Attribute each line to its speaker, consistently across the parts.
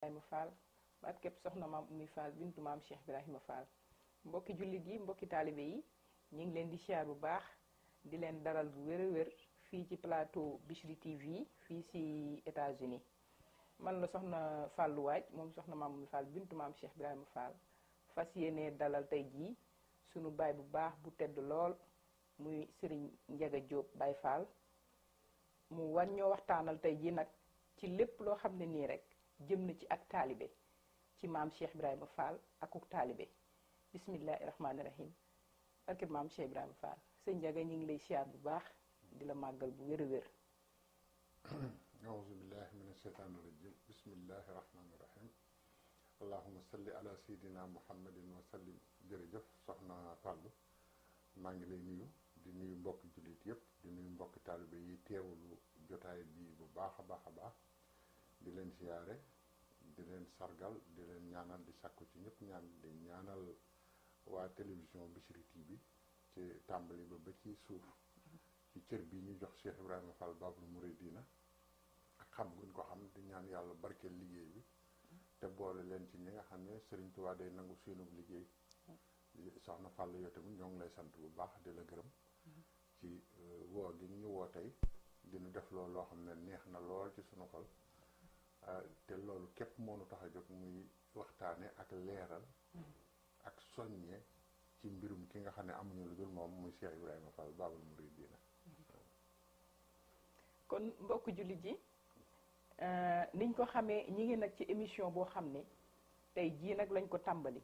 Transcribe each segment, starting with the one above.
Speaker 1: Ibrahima Fall baat képp soxna maam Oumy Fall bintu maam Cheikh mbokki jullit yi mbokki taalibe yi ñu ngi leen di siyaar bu baax di leen daral bu wér a wér fii ci plateau Bichri TV fii si états man la soxna Fallou Waaj moom soxna maam Oumy Fall bintu maam Cheikh Ibrahima Fall fas yéene dalal tey jii sunu baay bu baax bu tedd lool muy sëriñ Ndiaga Diop Baye Fall mu war ñoo waxtaanal tey jii nag ci lépp loo xam ne nii rek jëm na ci ak taalibe ci maam Cheikh Ibrahima Fall akuk taalibe bismillahi rahmaani rahim barke maam Cheikh Ibrahima Fall sëñ Ndiaga ñu ngi lay siyaar bu baax di la màggal bu wér a wér
Speaker 2: aousubillahi min asheytaan irajim bismillahi rahmaani rahim allahuma salli ala sayidina muhammadin wa sallim jërëjëf soxna Fallou maa ngi lay nuyu di nuyu mbokki jullit yëpp di nuyu mbokki taalibe yi teewlu jotaay bi bu baax a baax a baax di leen siyaare di leen sargal di leen ñaanal di sàkku ci ñépp ñaan di ñaanal waa télévision Bichri bi ci tàmbali ba ba ci suuf ci cër bi ñu jox Cheikh Ibrahima Fall Babul Mouridina ak xam guñ ko xam di ñaan yàlla barkeel liggéey bi te boole leen ci ñi nga xam ne Serigne Touba day nangu seenub liggéey soxna Fall yow tamit ñoo ngi lay sant bu baax di la gërëm ci euh, woo di ñu woo tey dina def loolu loo xam ne neex na lool ci sunu xol Euh, te loolu képp moonu tax a jóg muy waxtaane ak leeral ak soññe ci mbirum ki nga xam ne amuñu lu dul moom muy Cheikh Ibrahima Fall Baabul Muridiina
Speaker 1: kon mbokk jullit ji euh, niñ ko xamee ñi ngi nag ci émission boo xam ne tey jii nag lañ ko tàmbali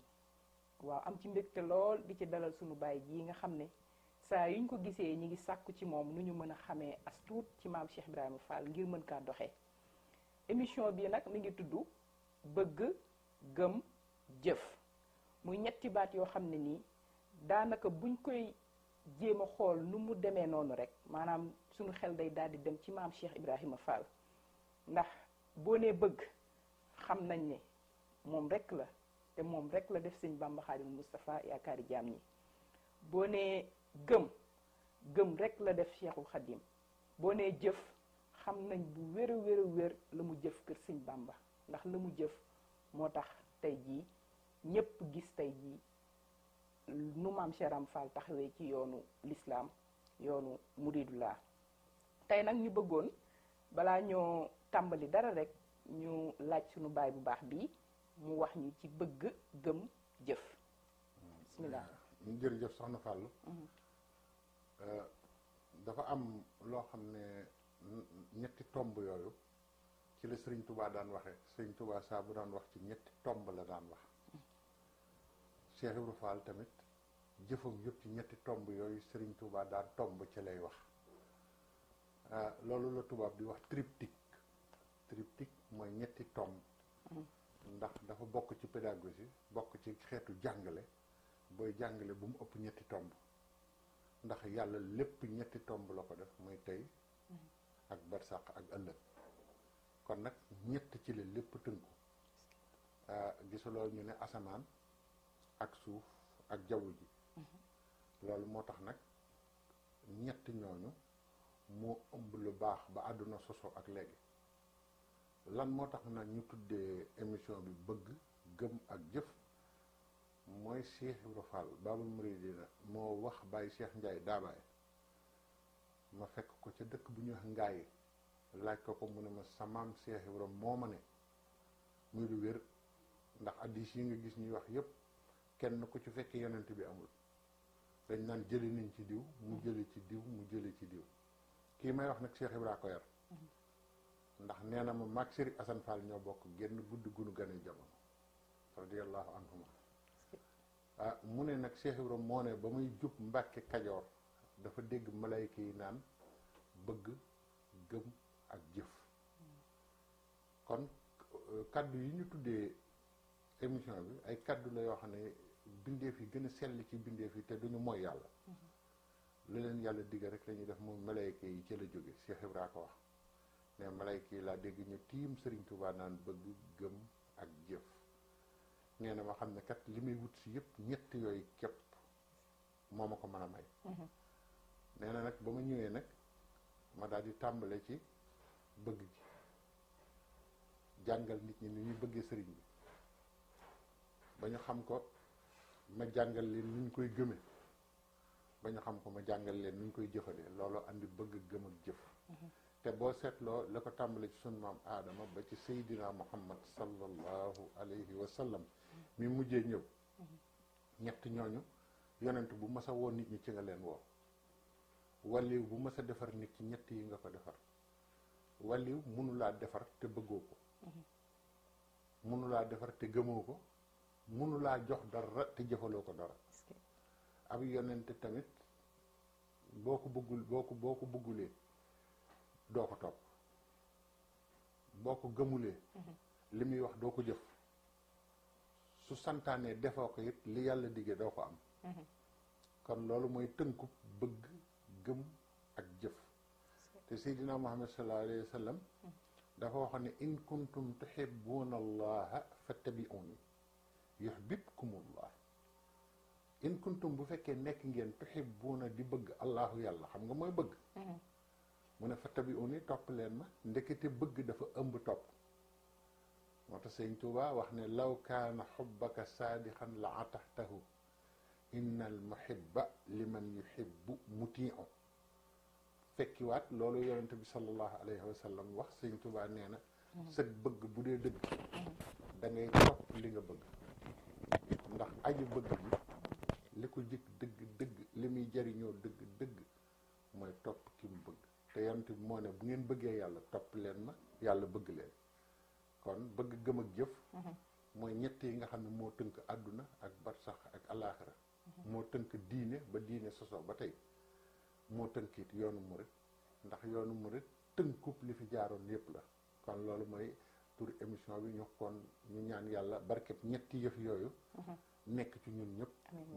Speaker 1: waaw am ci mbégte lool di ci dalal sunu baay jii nga xam ne saa yuñ ko gisee ñi ngi sàkku ci moom nu ñu mën a xamee as ci maam Cheikh Ibrahima Fall ngir mën kaa doxe émission bi nag mu ngi tudd bëgg gëm jëf muy ñetti baat yoo xam ne nii daanaka buñ koy jéem a xool nu mu demee noonu rek maanaam suñu xel day daal di dem ci maam Cheikh Ibrahima Fall ndax boo nee bëgg xam nañ ne moom rek la te moom rek la def sëñ Bamba Xaadimu Moustapha yaakaari jaam ñi boo nee gëm gëm rek la def Cheikhul Xadim boo nee jëf xam nañ bu wér a wér la mu jëf kër sëñ Bàmba ndax la mu jëf moo tax tey jii ñépp gis tey jii nu maam Cheram Fall taxawee ci yoonu lislaam yoonu muridulaa tey nag ñu bëggoon balaa ñoo tàmbali dara rekk ñu laaj suñu baay bu baax bi mu wax ñu ci bëgg gëm
Speaker 2: jëf bismillah mm-hmm. Mm-hmm. jërëjëf soxna Fall mm-hmm. euh, dafa am loo xam ne ñetti tomb yooyu ci la sëriñ tubaa daan waxe sëriñ tubaa saa bu daan wax ci ñetti tomb la daan wax Cheikh Ibra tamit jëfam yëpp ci ñetti tomb yooyu sëriñ tubaa daan tomb ci lay wax ah, loolu la tubaab di wax triptyque triptik mooy ñetti tomb ndax dafa bokk ci pédagogie bokk ci xeetu jàngale booy jàngale bu mu ëpp ñetti tomb ndax yàlla lépp ñetti tomb la ko def muy tey ak barsàq ak ëllëg kon nag ñett ci la lépp tënku ah, gisuloo ñu ne asamaan ak suuf ak jaww ji mhm. loolu moo tax nag ñett ñooñu moo ëmb lu baax ba àdduna soso ak léegi lan moo tax nag ñu tuddee émission bi bëgg gëm ak jëf mooy Cheikh Ibra Fall Baabul Muriidiina moo wax Baye Cheikh Ndiaye daabaay ma fekk ko ca dëkk bu ñuy wax Ngaye laaj ko ko mu ne ma sa maam Seex moo ma ne muy lu wér ndax addis yi nga gis ñuy wax yépp kenn ku ci fekk yonent bi amul dañ naan jëli nañ ci diw mu jële ci diw mu jële ci diw kii may wax nag Seex Ibra ko yar ndax nee na ma maag Sëriñ Asan Fall ñoo bokk genn guddi gunu gane jamono radiyallahu anhuma ah mu ne nag Seex Ibra moo ne ba muy jub Mbàkke Kajoor dafa dégg malayka yi naan bëgg gëm ak jëf kon euh, kaddu yi ñu tuddee émission bi ay kàddu la yoo xam ne bindeef yi gën a sell ci bindeef yi te duñu mooy yàlla mm-hmm. la leen yàlla digga rek lañuy def moom malayka yi ci la jóge Cheikh Ibra ko wax ne malayka yi laa dégg ñu tiim Serigne Touba naan bëgg gëm ak jëf nee na ma xam ne kat li muy wut si yëpp ñett yooyu képp moo ma ko mën a may mm-hmm. neena nag ba ma ñëwee nag ma daal tàmbale ci bëgg jàngal nit ñi ni ñuy bëggee sëriñ bi ba ñu xam ko ma jàngal leen ni koy gëme ba xam ko ma jàngal leen ni koy jëfalee looloo indi bëgg gëm ak jëf mhm. te boo seetloo la ko tàmbale ci sunu maam aadama ba ci seydina muhammad sallallahu alayhi wa sallam mujjee ñëw mhm. ñett ñooñu yonent bu masa woo nit ñi ci nga leen woo wàlliw bu mës defar nit ci ñett yi nga ko defar wàlliw mënulaa defar te bëggoo ko mënulaa defar te gëmoo ko mënulaa jox dara te jëfaloo ko dara ab yonente tamit boo ko bëggul boo boo ko bëggulee doo ko topp boo ko gëmulee mhm. li muy wax doo ko jëf su santaanee defoo ko it li yàlla diggee doo ko am mhm. kon loolu mooy tënkub bëgg gëm ak jëf te seydina muhammad sallallahu alayhi wa sallam dafa wax ne in kuntum tuhibbuna allaha fattabi'uni yuhbibkumullah in kuntum bu fekkee nekk ngeen tuhibbuna di bëgg allahu yàlla xam nga mooy bëgg mhm. mu ne fattabi'uni topp leen ma ndekete bëgg dafa ëmb topp moo tax sëñ Tuuba wax ne law kaana xubbaka saadixan la ataxtahu inna al muhibba liman yuhibbu mutii'u fekkiwaat loolu yonent bi sallallahu alayhi wa sallam wax sëñ Tuubaa nee na mhm. sëg bëgg bu dee dëgg mhm. da ngay topp li nga bëgg ndax aju bëgg bi li ko jëkk dëgg dëgg li muy jariñoo dëgg dëgg mooy topp ki mu bëgg te yonent bi moo ne bu ngeen bëggee yàlla topp leen ma yàlla bëgg leen kon bëgg gëm ak jëf mhm. mooy ñett yi nga xam ne moo tënk àdduna ak barsax ak alaaxira moo tënk diine ba diine sosoo ba tey moo tënkit yoonu murit ndax yoonu murit tënkub li fi jaaroon yépp la kon loolu mooy tur émission bi ñu kon ñu ñaan yàlla barkeb ñetti yëf yooyu mhm. nekk ci ñun ñëpp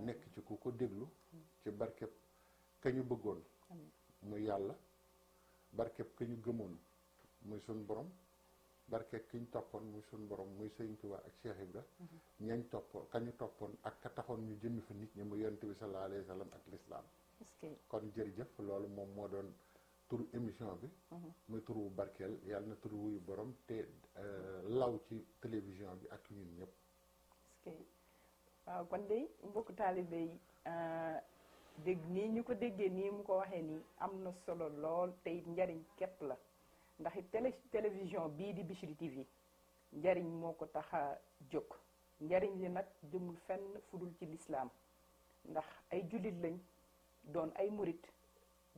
Speaker 2: nekk ci ku ko déglu ci barkeb ka ñu bëggoon muy yàlla barkeb ka ñu gëmoon muy suñ borom barkeb ki ñu toppoon muy suñ borom muy Sëriñ Tuubaa ak Cheikh Ibra mhm. ñañ topp ka ñu toppoon ak ka taxoon ñu jënd fa nit ñi mu yonent bi sallallahu alayhi wa sallam ak lislaam kon jërëjëf loolu moom moo doon turu émission bi mhm. muy turu wu barkeel yàlla na turu wuyu borom te euh, law ci télévision bi ak ñun ñëpp
Speaker 1: waaw kon de mbokk taalibe yi euh, dégg nii ñu ko déggee nii mu ko waxee nii am na solo lool tey it njariñ képp la ndax it télé télévision bii di Bichri TV njariñ moo ko tax a jóg njariñ li nag jëmul fenn fudul ci lislaam ndax ay jullit lañ doon ay murit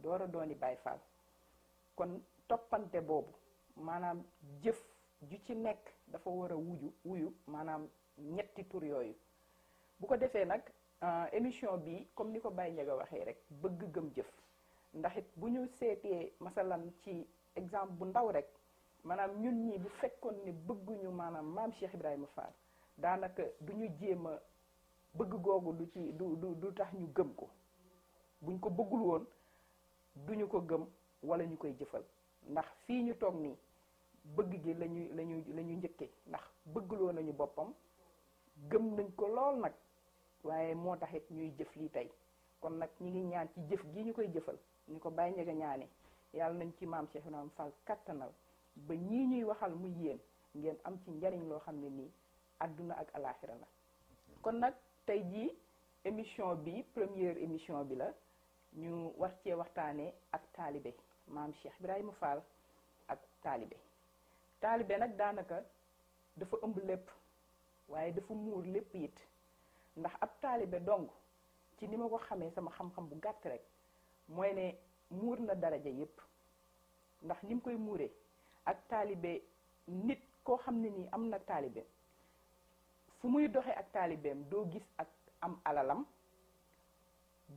Speaker 1: door a dooni Baay Faal kon toppante boobu maanaam jëf ju ci nekk dafa war a wuju wuyu maanaam ñetti tur yooyu bu ko defee nag euh, émission bi comme ni ko Baye Ndiaga waxee rek bëgg gëm jëf ndax it bu ñu seetee masalan ci exemple bu ndaw rek maanaam ñun ñi bu fekkoon ne bëgguñu maanaam maam Cheikh Ibrahima Fall daanaka du ñu jéem a bëgg googu du ci du du du tax ñu gëm ko buñ ko bëggul woon duñu ko gëm wala ñu koy jëfal ndax fii ñu toog nii bëgg gi lañuy lañuy la njëkke ndax bëggloo nañu boppam gëm nañ ko lool nag waaye moo taxit ñuy jëf lii tey kon nag ñi ngi ñaan ci jëf gii ñu koy jëfal ñu ko bàyyi njega ñaane yàlla nañ ci maam Cheikh Ibrahima Fall kattanal ba ñii ñuy waxal muy yéen ngeen am ci njariñ loo xam ne nii àdduna ak alaaxira la kon nag tey jii émission bi première émission bi la ñu war cee waxtaanee ak taalibe maam Cheikh Ibrahima Fall ak taalibe taalibe nag daanaka dafa ëmb lépp waaye dafa muur lépp it ndax ab taalibe dong ci ni ma ko xamee sama xam-xam bu gàtt rek mooy ne muur na daraja yépp ndax ni mu koy muuree ak taalibe nit koo xam ne nii am na taalibe fu muy doxee ak taalibeem doo gis ak am alalam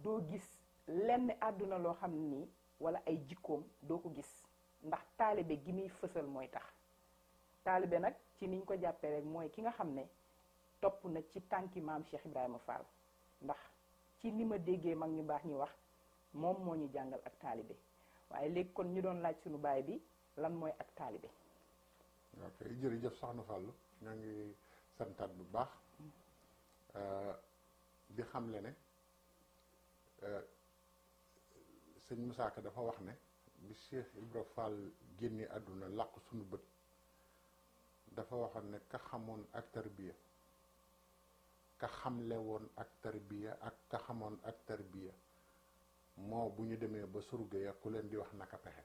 Speaker 1: doo gis lenn àdduna loo xam ni wala ay jikkoom doo ko gis ndax taalibe gi muy fësal mooy tax taalibe nag ci niñ ko jàppee rek mooy ki nga xam ne topp na ci tànki maam Cheikh Ibrahima Fall ndax ci ni ma déggee mag ñu baax ñi wax moom moo ñu jàngal ak taalibe waaye léegi kon ñu doon laaj suñu baay bi lan mooy ak taalibe
Speaker 2: ok jërëjëf soxna Fall ñoo ngi santaat bu baax mm. euh, di xamle ne euh, sëñ Moussa dafa wax ne bi Cheikh Ibra Fall génne àdduna làqu suñu bët dafa waxoon ne ka xamoon ak tarbiya ka xamle woon ak tarbiya ak ka xamoon ak tarbiya moo bu ñu demee ba surga ya ku leen di wax naka pexe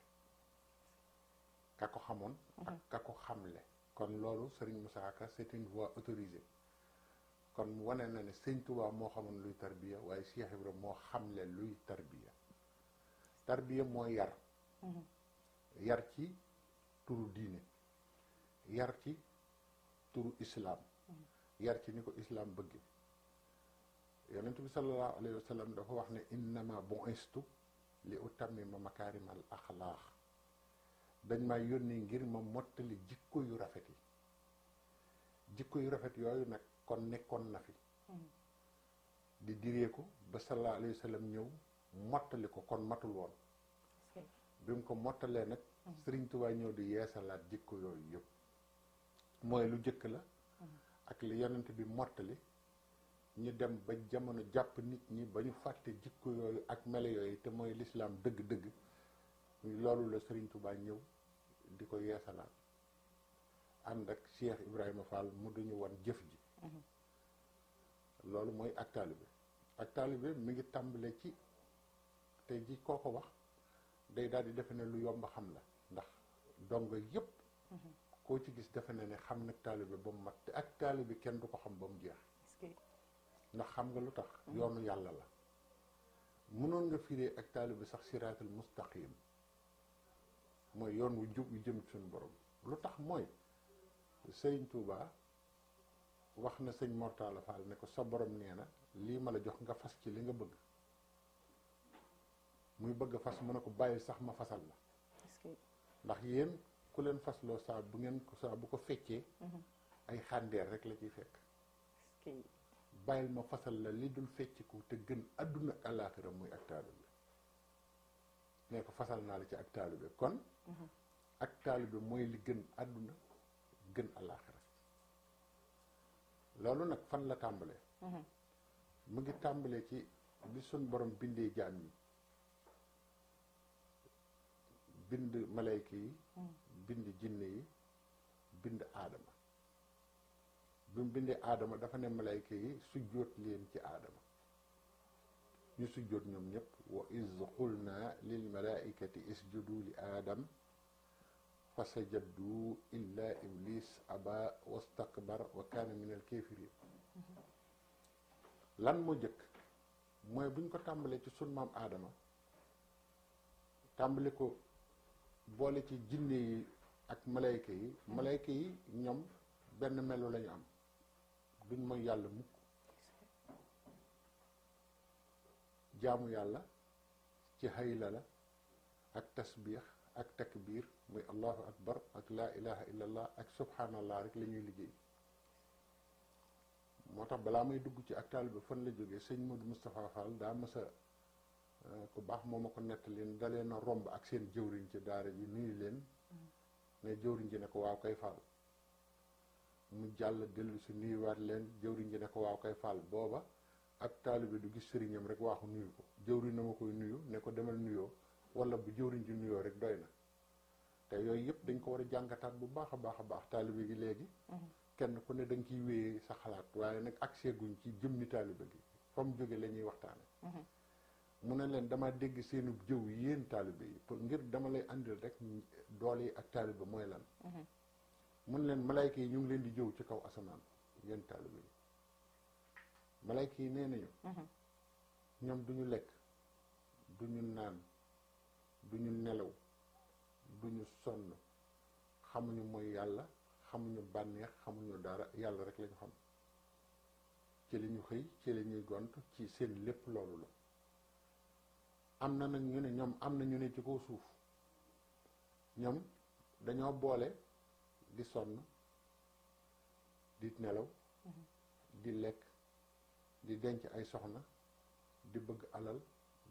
Speaker 2: ka ko xamoon ak mhm. ka ko xamle kon loolu sëriñ Moussa Ka c'est une voie kon wane na ne Sëñ Tuubaa moo xamoon luy tarbiya waaye Cheikh Ibra moo xamle luy tarbiya tarbiya mooy yar mhm. yar ci turu diine yar ci turu islaam mhm. yar ci ni ko islaam bëgge yonent bi sallallahu alayhi wa dafa wax ne innama bu'istu li utammima makaarimal axlaax dañ maa yónni ngir ma mottali jikko yu rafet yi jikko yu rafet yooyu nag kon nekkoon na fi mhm. di diree ko ba sallallahu alayhi wa ñëw mottali ko kon matul woon bi mu ko mottalee nag mhm. Sëriñ Tuubaa ñëw di yeesalaat jikko yooyu yëpp mooy lu jëkk la mhm. ak li yonent bi mottali ñu dem ba jamono jàpp nit ñi ba ñu fàtte jikko yooyu ak mele yooyu te mooy lislaam dëgg-dëgg loolu la Sëriñ Tuubaa ñëw di ko yeesalaat ànd ak Cheikh Ibrahima Fall mu duñu wan jëf ji mhm. loolu mooy ak taalibe ak taalibe mi ngi tàmbale ci tey jii koo ko wax day daal di defe ne lu yomb xam la ndax dongo yëpp koo ci gis defe na ne xam nag taalibe ba mu mat te ak taalibe kenn du ko xam ba mu jeex ndax xam nga lu tax mm-hmm. yoonu yàlla la mënoon nga firee ak taalibe sax siraatal mustaqim mooy yoon wu jub wu jëm suñu borom lu tax mooy sëriñ Touba wax na sëñ Mortala Fall ne ko sa borom nee na lii ma la jox nga fas ci li nga bëgg muy bëgg a fas mu ne ko bàyyi sax ma fasal la ndax yéen ku leen fasloo saa bu ngeen ko saa bu ko feccee mhm. ay xàndeer rek la ciy fekk bàyyil ma fasal la li dul fecciku te gën àdduna ak muy ak taalube nee ko fasal naa la ci ak taalube kon mhm. ak taalube mooy li gën àdduna gën àllaaxira loolu nag fan la tàmbalee mhm. mu ngi tàmbalee ci bi sun borom bindee jaam yi bind malayka yi hmm. bind jinne yi bind aadama bi mu aadama dafa ne malayka yi sujjóot leen ci aadama ñu sujjóot ñoom ñëpp wa iz qulna lil malaikati isjudu li aadam fa sajadu illa iblis aba wastakbar wa kaana min lan moo jëkk mooy bu ko tàmbalee ci sun maam aadama tàmbale ko boole ci jinne yi ak malayka yi malayka yi ñoom benn melo lañu am duñ mooy yàlla mukk jaamu yàlla ci hayla la ak tasbiix ak takbiir muy allahu akbar ak laa ilaha illallah ak subhanallah rek la ñuy liggéey moo tax balaa may dugg ci ak taalibe fan la jógee sëñ Modou Moustapha Fall daa mësa Euh, ku baax moo ma ko nettali da leen a romb ak seen jëwriñ ci daara ji nuyu leen mm. ne jëwriñ ji ne ko waaw koy faal mu jàll dellu si nuyuwaat leen jëwriñ ji ne ko waaw koy faal booba ak taalibe du gis sëriñam rek waaxu nuyu ko jëwriñ na ma koy nuyu ne ko demal nuyoo wala bu jëwriñ ji nuyoo rek doy na te yooyu yëpp dañ ko war a jàngataat bu baax a baax a baax taalibe gi léegi mm-hmm. kenn ku ne da nga ciy wéyee sa xalaat waaye nag ak guñ ci jëmmi taalibe gi fa mu jóge la ñuy waxtaane mm-hmm. mu ne leen dama dégg seenu jëw yéen taalibe yi pour ngir dama lay andil rek doole yi ak taalibe mooy lan mhm. mu ne leen malayka yi ñu ngi leen di jëw ci kaw asamaan yéen taalibe yi malayka yi nee nañu mhm. ñoom duñu lekk duñu naan duñu nelaw duñu sonn xamuñu mooy yàlla xamuñu bànneex xamuñu dara yàlla rek lañu xam ci li xëy ci li ñuy gont ci seen lépp loolu la am na nag ñu ne ñoom am na ñu ne ci kaw suuf ñoom dañoo boole di sonn di nelaw di lekk di denc ay soxna di bëgg alal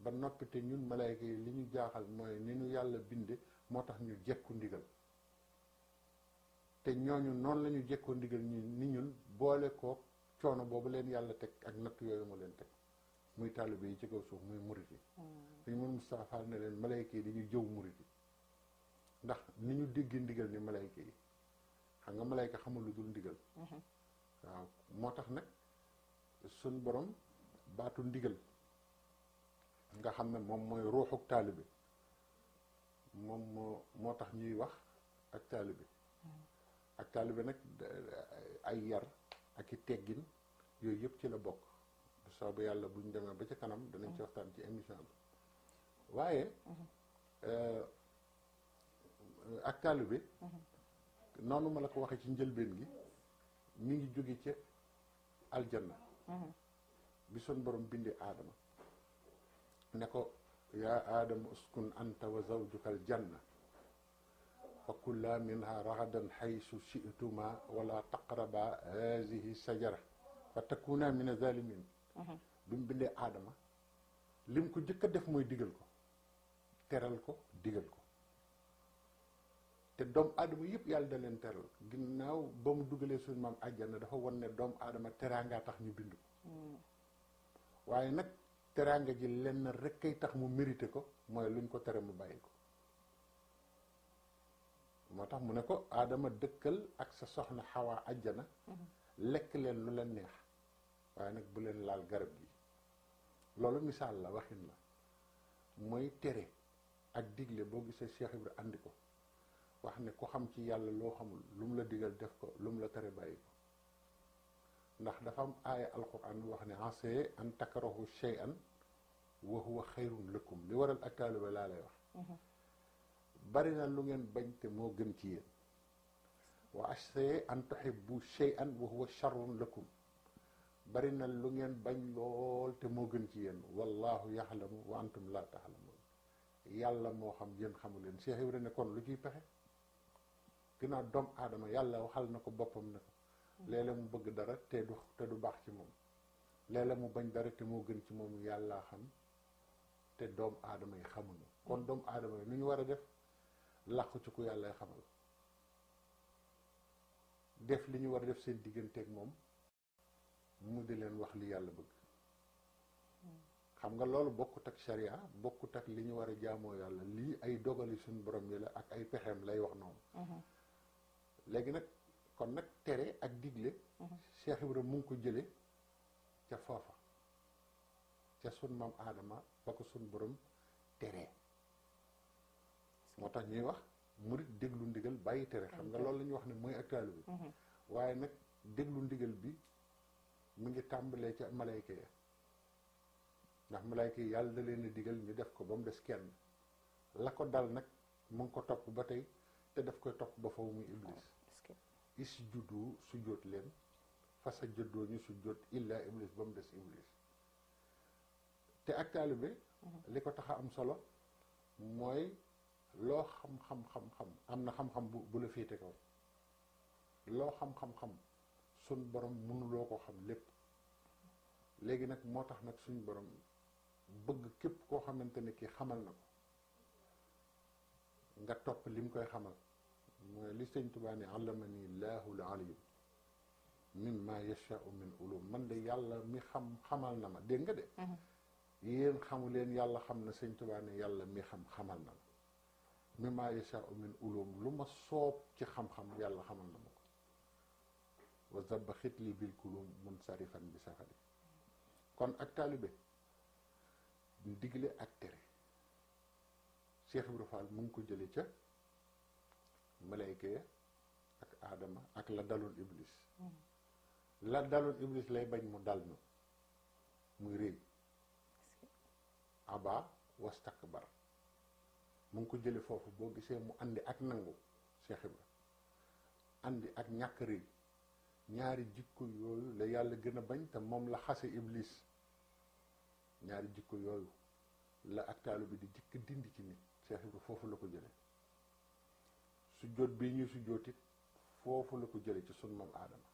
Speaker 2: ba noppi te ñun malayka yi li ñu jaaxal mooy ni ñu yàlla binde moo tax ñu jekku ndigal te ñooñu noonu la ñu jekkoo ndigal ñi ni ñun boole ko coono boobu leen yàlla teg ak natt yooyu mu leen teg muy taalibe yi ci kaw suuf muy murit yi mm. suñu mën Moustapha ne leen malayka yi dañuy jëw murit yi ndax ni ñu déggee ndigal ni malayka yi xam nga malayka xamul lu dul ndigal mm-hmm. tax nag suñ borom baatu ndigal nga xam ne moom mooy ruuxuk taalibe moom moo tax ñuy wax ak taalibe mm. ak taalibe nag ay yar ak i teggin yooyu yëpp ci la bokk soobu yàlla bu ñu demee ba ci kanam danañ ci mm-hmm. waxtaan ci émission bi waaye mm-hmm. euh, ak taalibe mm-hmm. noonu ma la ko waxee ci njëlbeen gi mi ngi jóge ca aljanna bi sun borom bindee aadama ne ko yaa aadama uskun anta wa zawjuka aljanna fa kula minha raxadan xaysu situma wala taqraba hadihi sajara fa takuna min azalimin bi mu bindee aadama lim ko jëkk a def mooy digal ko teral ko digal ko te doomu aadama yëpp yàlla da leen teral ginnaaw ba mu dugalee suñu maam àjjana dafa won ne doomu aadama teraanga tax ñu bind ko hmm. waaye nag teraanga ji lenn rekk ay tax mu mérité ko mooy luñ ko tere mu bàyyi ko moo tax mu ne ko aadama dëkkal ak sa soxna xawaa àjjana hmm. lekk leen lu leen neex waaye nag bu leen laal garab gi loolu misaal la waxin la mooy tere ak digle boo gisee Cheikh Ibra andi ko wax ne ku xam ci yàlla loo xamul lu mu la digal def ko lu mu la tere bàyyi ko ndax dafa am aaya alquran wax ne asa an takarahu shay'an wa huwa xayrun lakum li waral ak taalibe laa lay wax mhm. bari lu ngeen bañ te moo gën ci yéen wa asa an tuhibbu shay'an wa huwa sharrun lakum bari na lu ngeen bañ lool te moo gën ci yéen wallahu yaxlamu wa antum la taxlamun yàlla moo xam yéen xamu leen Cheikh Ibrahima ne kon lu ciy pexe ginnaaw doomu aadama yàlla waxal na ko boppam ne ko léeg mu bëgg dara te du te du baax ci moom léeg-léeg mu bañ dara te moo gën ci moom yàlla xam te doomu aadama yi xamuñu kon doomu aadama yi lu ñu war a def làqu ci ku yàlla xamal def li ñu war a def seen digganteeg moom mu di leen wax li yàlla bëgg xam nga loolu bokkut ak sharia bokkut ak li ñu war a jaamoo yàlla lii ay dogali suñu borom yi la ak ay pexeem lay wax noonu mhm. léegi nag kon nag tere ak digle mhm. Cheikh Ibra mu ngi ko jële ca foofa ca sun maam aadama ba ko suñ borom teree moo tax ñuy wax mu murit déglu ndigal bàyyi tere xam nga loolu la ñuy wax ne mooy ak taalibe bi mhm. waaye nag déglu ndigal bi mu ngi tàmbalee ca malayka ya ndax malayka yi yàlla da leen a digal ñu def ko ba mu des kenn la ko dal nag mu ngi ko topp ba tey te def koy topp ba faw mu iblis ah, is juddu su jóot leen fasa jëddoo ñu su jóot illa iblis ba mu des iblis te ak taalibe mhm. li ko tax a am solo mooy loo xam-xam-xam-xam am na xam-xam bu bu la féete kaw loo xam-xam-xam suñ borom mënuloo ko xam lépp léegi nag moo tax nag suñ borom bëgg képp koo xamante ne kii xamal na ko nga topp mu koy xamal mooy li sëñ Tuubaa ne allamani laahul aliyu min ma yashaau min ulum man de yàlla mi xam xamal na ma dégg nga de mhm. yéen xamu leen yàlla xam na sëñ Tuubaa yàlla mi xam xamal na ma mi ma yashaau ulum lu ma soob ci xam-xam yàlla xamal na ma wa zabba xitli bil kulum mun sarifan bi saxali kon ak taalibe ndigle ak tere Cheikh Ibra Fall mu ngi ko jële ca malayka ya ak aadama ak la daloon iblis mm. la daloon iblis lay bañ mu dal ñu muy réy aba wastakbar mu ngi ko jële foofu boo gisee mu andi ak nangu Cheikh Ibra andi ak ñàkk réy ñaari jikko yooyu la yàlla gën a bañ te moom la xase iblis ñaari jikko yooyu la ak taalu bi di jëkk dind ci nit Cheikh foofu la ko jële su jot bii ñuy su jootit foofu la ko jële ci sun moom aadama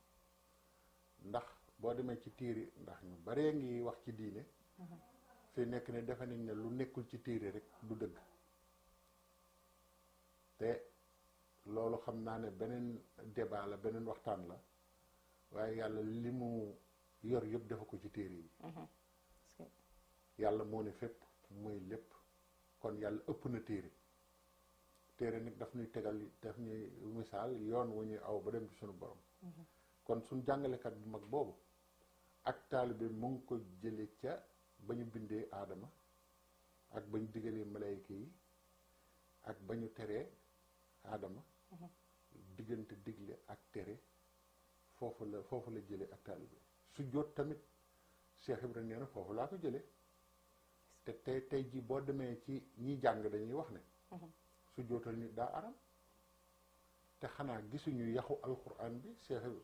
Speaker 2: ndax boo demee ci téere ndax ñu baree ngi wax ci diine fi nekk ne defe nañ ne lu nekkul ci téere rek du dëgg te loolu xam naa ne beneen débat la beneen waxtaan la waaye yàlla li mu yor yëpp dafa ko ci téere yi mhm. yàlla moo ne fépp mooy lépp kon yàlla ëpp na téere téere nag daf ñuy tegal daf ñuy misaal yoon wu ñuy aw ba dem ci suñu mhm. kon suñ jàngalekat bu mag boobu ak taalibe mu ngi ko jële ca ba ñu bindee aadama ak ba ñu diggalee malayka yi ak ba ñu teree aadama mhm. diggante digle ak tere foofu la foofu la jële ak taalibe su jot tamit Cheikh Ibrahima nee na foofu laa ko jële te tey tey jii boo demee ci ñi jàng dañuy wax ne. Mhm. su jootal nit daa aram te xanaa gisuñu yaxu alquran bi Cheikh mhm.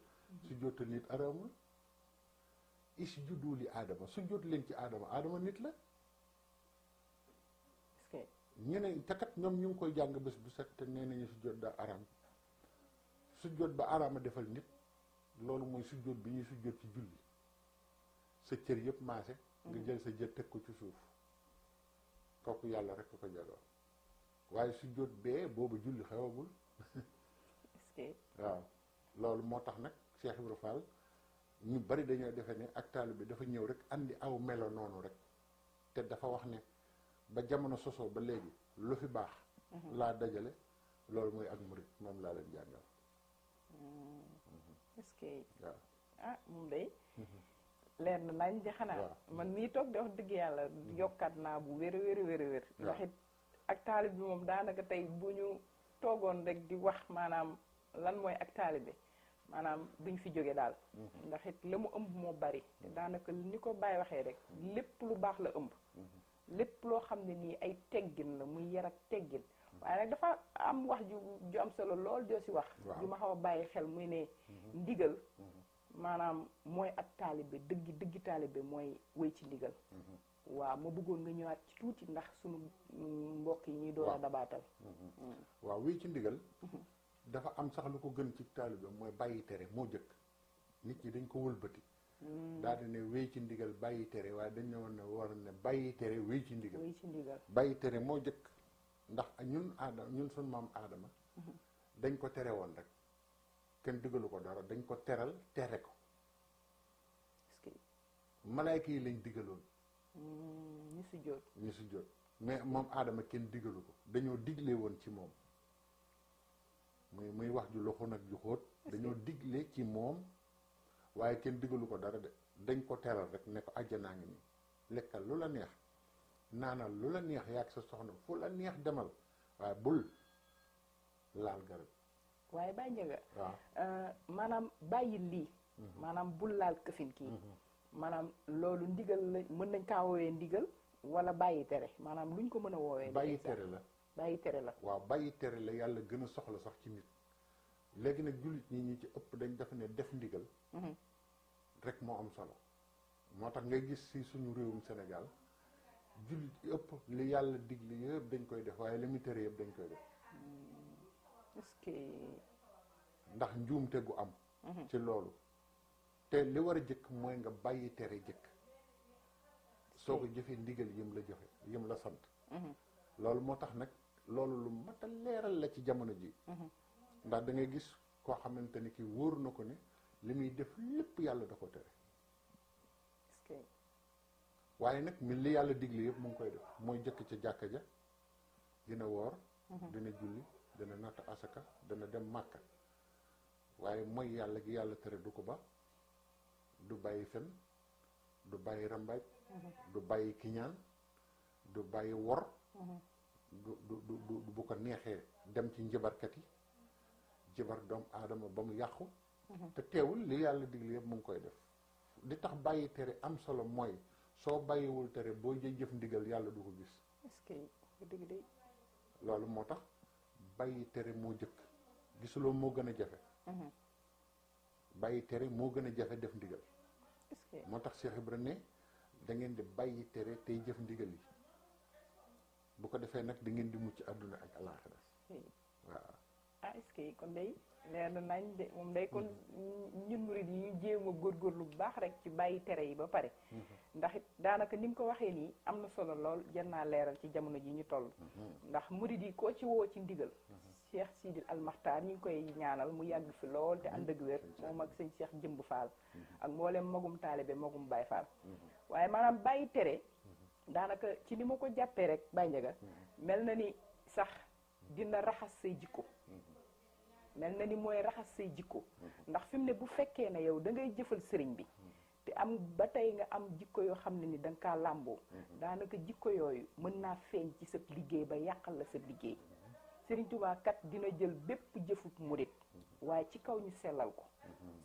Speaker 2: su jootal nit aramul is juddu li aadama su jot leen ci aadama aadama nit la. ñeneen te kat ñoom ñu ngi koy jàng bés bu set te nee nañu su jot daa aram su jot ba araama defal nit. loolu mooy sujjóot bi ñuy sujjóot ci julli sa cër yëpp maase nga mm-hmm. jël sa jël teg ko ci suuf kooku yàlla rek ko jaloon waaye sujjóot bee boobu julli xewagul waaw loolu moo tax nag Cheikh Ibra Fall ñu bari dañoo defe ne ak taalu bi dafa ñëw rek andi aw melo noonu rek te dafa wax ne ba jamono sosoo ba léegi lu fi baax mm-hmm. laa dajale loolu mooy ak murit moom laa leen jàngal
Speaker 3: mm. est-ce que
Speaker 1: ah moom leer na lañ di xanaa man mii toog di wax dëgg yàlla mm-hmm. yokkaat naa bu wér a wér a wér ak taalib bi moom daanaka tey bu ñu toogoon rek di wax maanaam lan mooy ak taalibe maanaam duñ fi jóge daal mm-hmm. ndax la mu ëmb moo bari te mm-hmm. daanaka ni ko bàyyi waxee rek lépp lu baax la ëmb lépp loo xam ne nii ay teggin la muy yar ak teggin waaye nag dafa am wax ju ju am solo lool joo si wax ju ma xaw a bàyyi xel muy ne mhm. ndigal mhm. maanaam mooy ab taalibe dëggi dëggi taalibe mooy wéy ci ndigal mhm. waaw ma bëggoon nga ñëwaat ci tuuti ndax suñu mbokk yi ñuy door a dabaatal
Speaker 2: mm. waaw wéy ci ndigal dafa am sax lu ko gën ci taalibe mooy bàyyi tere moo jëkk nit ñi dañ ko wëlbati
Speaker 3: mm. daal di
Speaker 2: ne wéy ci ndigal bàyyi tere waaye dañ ne woon ne war ne bàyyi tere wéy ci ndigal bàyyi tere moo jëkk ndax ñun aadama ñun suñ maam aadama dañ ko tere woon rek kenn digalu ko dara dañ ko teral tere ko malaayka yi lañ digaloon
Speaker 1: hmm, ñu si
Speaker 2: ñu si jot mais moom aadama kenn digalu ko dañoo digle woon ci moom muy muy wax ju loxo nag ju xóot dañoo digle ci moom waaye kenn digalu ko dara de dañ ko teral rek ne ko àjjanaa ngi nii lekkal lu la neex naanal lu la neex yàgg sa soxna fu la neex demal waaye bul laal garab
Speaker 1: waaye bàyyi njëga euh, maanaam bàyyi lii mhm. maanaam bul laal këfin kii mhm. maanaam loolu ndigal la mën nañ kaa woowee ndigal wala bàyyi tere maanaam luñ ko mën a woowee bàyyi tere la bàyyi tere la
Speaker 2: waaw bàyyi tere la yàlla gën soxla sax ci nit léegi nag jullit ñi ñu ci ëpp dañ def def ndigal mhm. rek moo am solo moo tax ngay gis si suñu réewum Sénégal jullit ëpp li yàlla digle yëpp dañ koy def waaye li mu tere yëpp dañ koy def
Speaker 3: hmm.
Speaker 2: ndax njuumte gu am mhm. ci loolu te li war a jëkk mooy nga bàyyi tere jëkk soo ko jëfee ndigal yim la jëfe yim la sant mhm. loolu moo tax nag loolu lu mat la ci jamono ji mhm. ndax da gis koo xamante ni ki wóor na ko ne li muy def lépp yàlla da tere waaye nag mi li yàlla digle yëpp mu ngi koy def mooy jëkk ca jàkka ja dina woor mhm. dina julli dana natt asaka dana dem màkka waaye mooy yàlla gi yàlla tere du ko ba du bàyyi fen du bàyyi rambaaj mhm. du bàyyi kiñaan du bàyyi wor mhm. du du du bu ko neexee dem ci njabarkat yi jabar doomu aadama ba mu yàqu
Speaker 3: te teewul li
Speaker 2: yàlla digle yëpp mu ngi koy def li tax bàyyi tere am solo mooy soo bàyyiwul tere boo jëf ndigal yàlla du ko gis.
Speaker 1: est
Speaker 2: loolu moo tax bàyyi tere moo jëkk gisuloo moo gën a jafe. Mhm. bàyyi tere moo gën a jafe def ndigal. est-ce que moo tax Cheikh Ibra ne da ngeen di bàyyi tere tey jëf ndigal yi bu ko defee nag dangeen di mucc àdduna ak alaaxira waaw.
Speaker 1: yi kon day leer na nañ de moom day kon ñun murid yi ñu jéem a góorgóorlu bu baax rek ci bàyyi tere yi ba pare mhm. ndax daanaka ni mu ko waxee nii am na solo lool jar naa leeral ci jamono ji ñu toll mhm. ndax murid yi koo ci woo ci ndigal mhm. Cheikh Sidil Almaxtaar ñu ngi koy ñaanal mu yàgg fi lool te ànd ak wér moom ak sëñ Cheikh Jëmb Fall ak mboolem magum taalibe magum Baay Fall waaye maanaam bàyyi tere daanaka ci ni ma ko jàppee rek bàyyi njaga mel na ni sax dina raxas say jikko mel na ni mooy raxas say jikko mm-hmm. ndax fi mu ne bu fekkee ne yow da ngay jëfal sëriñ bi mm-hmm. te am ba tey nga am jikko yoo xam ne ni da nga kaa làmboo mm-hmm. daanaka jikko yooyu mën naa feeñ ci sa liggéey ba yàqal la sa liggéey sëriñ Tuubaa kat dina jël bépp jëfut di waaye ci kaw ñu sellal ko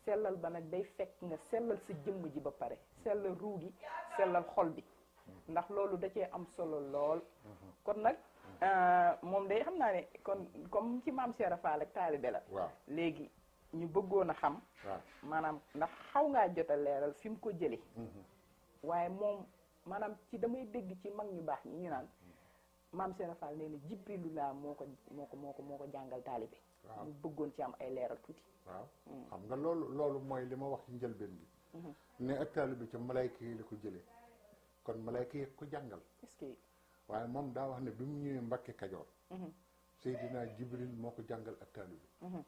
Speaker 1: sellal ba nag day fekk nga sellal sa jëmm ji ba pare sellal ruu gi sellal xol bi ndax loolu da cee am solo lool kon nag Euh, moom day xam naa ne kon comme ci maam Cheikh Fall ak taalibe la. waaw léegi ñu bëggoon a xam. waaw maanaam ndax xaw ngaa jot leeral fi mu ko jëlee. Mm-hmm. waaye moom maanaam ci damay dégg ci mag ñu baax ñu ñu naan
Speaker 2: mm-hmm.
Speaker 1: maam Cheikh Fall nee na Jibrilu laa moo ko moo ko moo ko moo ko jàngal taalibe. waaw bëggoon ci am ay leeral tuuti.
Speaker 2: waaw mm. xam nga loolu loolu mooy li ma wax ci njëlbeen bi. Mm-hmm. ne ak taalibe ca malayka yi la ko jëlee kon malayka yi ko jàngal. waaye moom daa wax ne bi mu ñëwee Mbàkke Kajoor mhm. Seydina Jibril moo ko jàngal ak bi mhm.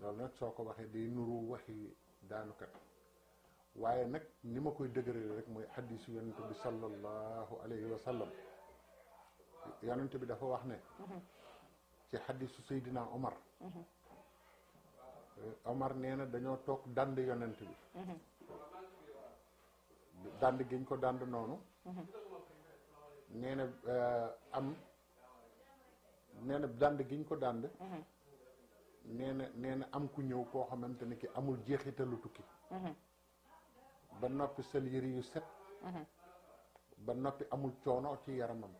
Speaker 2: loolu nag soo ko waxee day nuru waxi daanukat waaye nag ni ma koy dëgërale rek mooy xaddisu yonente bi sallallahu alayhi wa sallam bi dafa wax ne mhm. ci xaddisu Seydina Omar eh, Omar nee na dañoo toog dànd yonent bi dànd giñ ko dànd noonu nee eh, am nee na dànd giñ ko dànd mhm. nee na am ku ñëw koo xamante ne ki amul jeexitalu tukki mhm. ba noppi sel yëre yu set mhm. ba noppi amul coono ci yaramam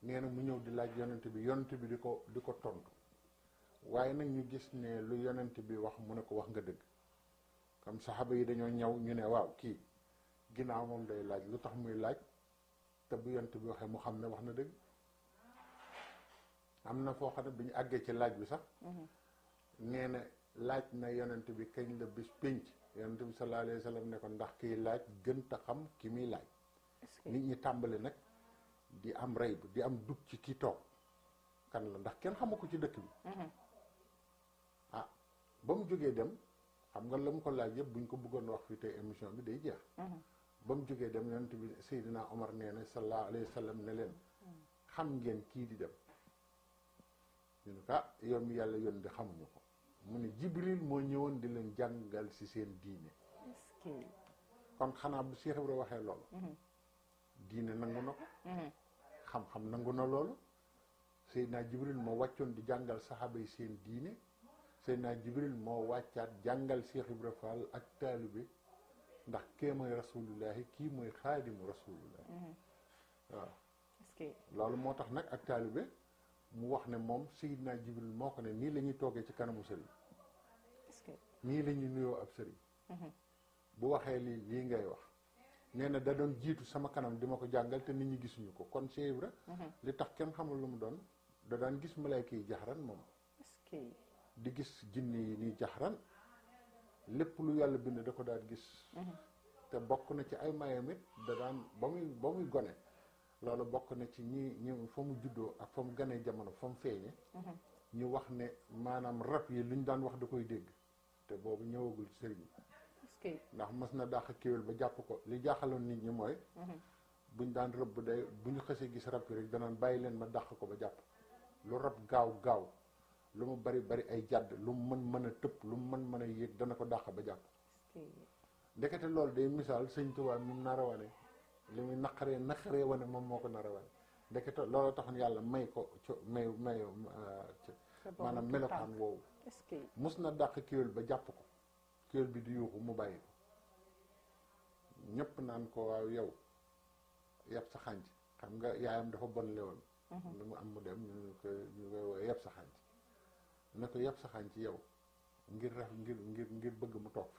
Speaker 2: nee mu ñëw di laaj yonent bi yonent bi di ko di ko tontu waaye nag ñu gis ne lu yonent bi wax mu ne ko wax nga dëgg comme saxaaba yi dañoo ñaw ñu ne waaw kii ginnaaw moom day laaj lu tax muy laaj te bu yont bi waxee mu xam ne wax na dëgg am na foo xam ne bi ñu àggee ci laaj bi sax nee na laaj na yonent bi kañ la bis pénc yonent bi sallallahu alayhi wa sallam ne ko ndax kiy laaj gën a xam ki muy laaj nit ñi tàmbali nag di am rey bi di am dug ci kii toog kan la ndax kenn xamu ko ci dëkk bi mhm. ah ba mu jógee dem xam nga la mu ko laaj yëpp buñ ko bëggoon wax fii tey émission bi day jeex mhm. ba mu jógee dem yonent bi Seydina Omar nee na sallallahu alayhi ne leen xam ngeen kii di dem ñu ne ko ah yow mi yàlla yoon di xamuñu ko mu ne Jibril moo ñëwoon di leen jàngal si seen diine kon xanaa bu Cheikh Ibra waxee loolu mhm. diine nangu na ko mhm. xam-xam nangu na loolu Seydina Jibril moo wàccoon di jàngal saxaaba yi seen diine Seydina Jibril moo wàccaat jàngal seexib Ibra Fall ak taalibe ndax kee mooy rasulullahi kii mooy xaadimu rasulullahi mhm. waaw loolu moo tax nag ak taalibe mu wax ne moom sii Seydina Jibril moo ko ne nii la ñuy toogee ci kanamu sëriñ nii lañuy ñuy nuyoo ab sëriñ mhm. bu waxee lii lii ngay wax nee na da doon jiitu sama kanam di ma ko jàngal te nit ñi gisuñu ko kon Cheikh Ibra mhm. li tax kenn xamul lu mu doon da daan gis malaayka yi jaxran moom di gis jinne yi nii jaxran lépp lu yàlla bind da ko daan gis mhm. te bokk na ci ay mayam it da daan ba muy ba muy gone loolu bokk na ci ñi ñi fa mu juddoo ak fa mu ganee jamono fa mu feeñe mhm. ñu wax ne maanaam rab yi lu ñu daan wax da koy dégg te boobu ñëwagul sëriñ ndax mas na dàq kéwél ba jàpp ko li jaaxaloon nit ñi mooy mhm. buñ daan rëbb day bu ñu xësee gis rab yi rek danaan bàyyi leen ma dàq ko ba jàpp lu rab gaaw gaaw lu mu bari bari ay jàdd lu mu mën mën a tëpp lu mu mën mën a yéeg dana ko dàq ba jàpp ndekete loolu day misaal sëñ Tuubaa mu nar a wane li muy naqaree naqaree wane moom moo ko nar a wane ndekete loolu taxoon yàlla may ko co may may uh, maanaam melokaan woowu mus na dàq kiwél ba jàpp ko kiwél bi di yuuxu mu bàyyi ko ñëpp naan ko waaw yow yàpp sa xànc xam nga yaayam dafa bon le mhm. lu mu am mu dem ñu ko ñu sa xànc na ko yàpp saxaan ci yow ngir ref ngir ngir ngir bëgg mu toog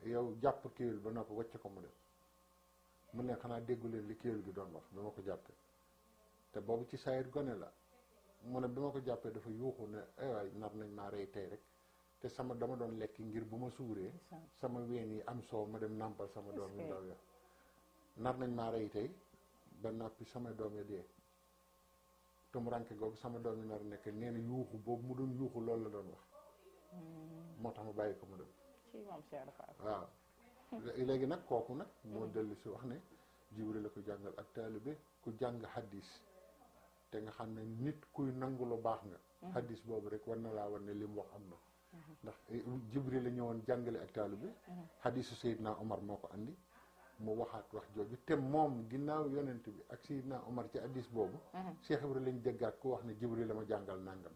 Speaker 2: fi yow jàpp kéwél ba noppi wàcc ko mu dem mu ne xanaa déggu leen li kéwél gi doon wax bi ma ko jàppee te boobu ci saayir gone la mu ne bi ma ko jàppee dafa yuuxu ne ay nar nañ maa rey tey rek te sama dama doon lekk ngir bu ma suuree sama ween yi am soow ma dem nàmpal sama doom yi nar nañ maa ba noppi sama doom ya tumuranke googu sama doom yi nar nekk nee na yuuxu boobu mu doon yuuxu loolu la doon wax
Speaker 3: hmm. moo
Speaker 2: tax ma bàyyi ko ma dem waaw léegi nag kooku nag hmm. moo dellu si wax ne Jibril la ko jàngal ak taalibe ku jàng hadis te nga xam ne nit kuy nangu lu baax nga hmm. hadis boobu rek war na laa war ne li mu wax am na ndax eh, Jibril la ñëwoon jàngale ak taalibe hadisu Seydina Omar moo ko andi mu waxaat wax jooju te moom ginnaaw yonent bi ak na Omar ci addis boobu. Mhm. Cheikh Ibra lañ jëggaat ku wax ne Jibril la ma jàngal nangam.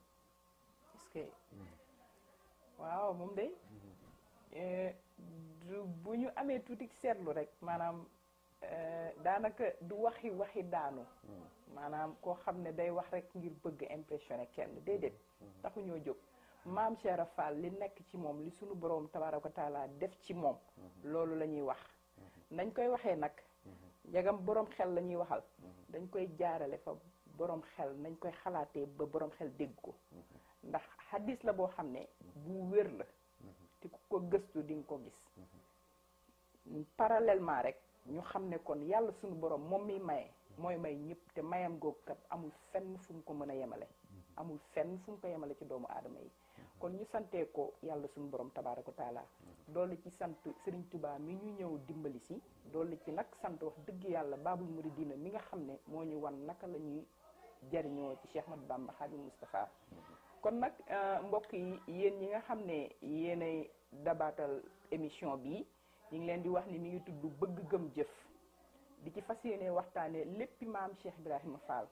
Speaker 2: est-ce que mhm.
Speaker 1: waaw moom de mhm. euh, bu ñu amee tuuti seetlu rek maanaam euh, daanaka du waxi waxi daanu. maanaam koo xam ne day wax rek ngir bëgg impressionné kenn déedéet. taxu ñoo jóg. maam a Fall li nekk ci moom li sunu borom tabaaraka taala def ci moom. loolu la ñuy wax. nañ koy waxee nag njagam mhm. borom xel la ñuy waxal mhm. dañ koy jaarale fa borom xel nañ koy xalaatee ba borom xel dégg ko mhm. ndax xadis la boo xam ne bu wér la te ku ko gëstu di nga ko gis parallèlement rek ñu xam ne kon yàlla suñu borom moom mi maye mooy may ñëpp te mayam googu amul fenn fu mu ko mën a yemale amul fenn fu ñu ko yemale ci doomu aadama yi kon ñu santee ko yàlla suñu borom tabaaraka taala doolu ci sant Serigne Touba mi ñu ñëw dimbali si doolu ci nag sant wax dëgg yàlla Baabul Muridiina mi nga xam ne moo ñu wan naka la ñuy jariñoo ci Cheikh Ahmadou Bamba Xaadimu Mustafaa kon nag euh, mbokk yi yéen ñi nga xam ne yéenay dabaatal émission bi ñu ngi leen di wax ni mi ngi tudd bëgg gëm jëf di ci fas yéene waxtaane lépp maam Cheikh Ibrahima Fall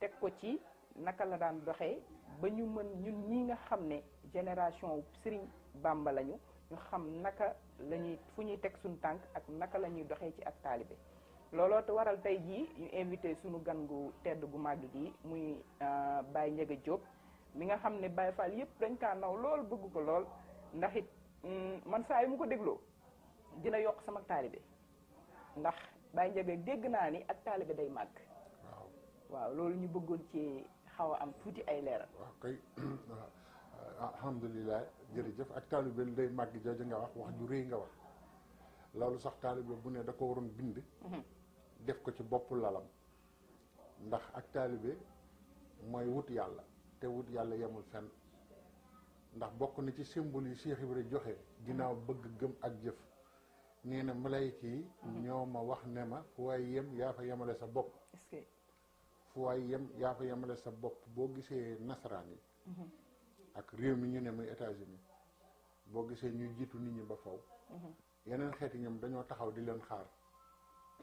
Speaker 1: teg ko ci naka la daan doxee ba ñu mën ñun ñi nga xam ne génération Serigne bàmba lañu ñu xam naka la fu ñuy teg suñu tànk ak naka lañuy ñuy doxee ci ak taalibe looloo te waral tey jii ñu invité suñu gan gu tedd gu màgg gi muy euh, Baye Ndiaga Diop mi nga xam ne Baye Fall yëpp dañ kaa naw lool bëgg ko lool ndax it mm, man saa yu mu ko dégloo dina yokk sama taalibe ndax Baye Ndiaga dégg naa ni ak taalibe day màgg waaw loolu ñu bëggoon ci xaw a am tuuti ay leeral.
Speaker 2: waaw kay ah, alhamdulilah jërëjëf ak taalibe ndey màgg jooju nga wax wax ju rëy nga wax loolu sax taalibe bu ne da ko waroon bind. Mhm. def ko ci boppu lalam ndax ak taalibe mooy wut yàlla te wut yàlla yemul fenn ndax bokk na ci symbole seex Cheikh Ibrahima joxe ginnaaw bëgg gëm ak jëf nee na malayka yi mhm. ñoo ma wax ne ma fu waaye yem yaa fa yemale sa bopp fu waay yem yaa fa yemale sa bopp boo gisee nasaraan yi mhm. ak réew mi ñu ne muy États-Unis boo gisee ñuy jiitu nit ñi ba faw mhm. yeneen xeeti ñoom dañoo taxaw di leen xaar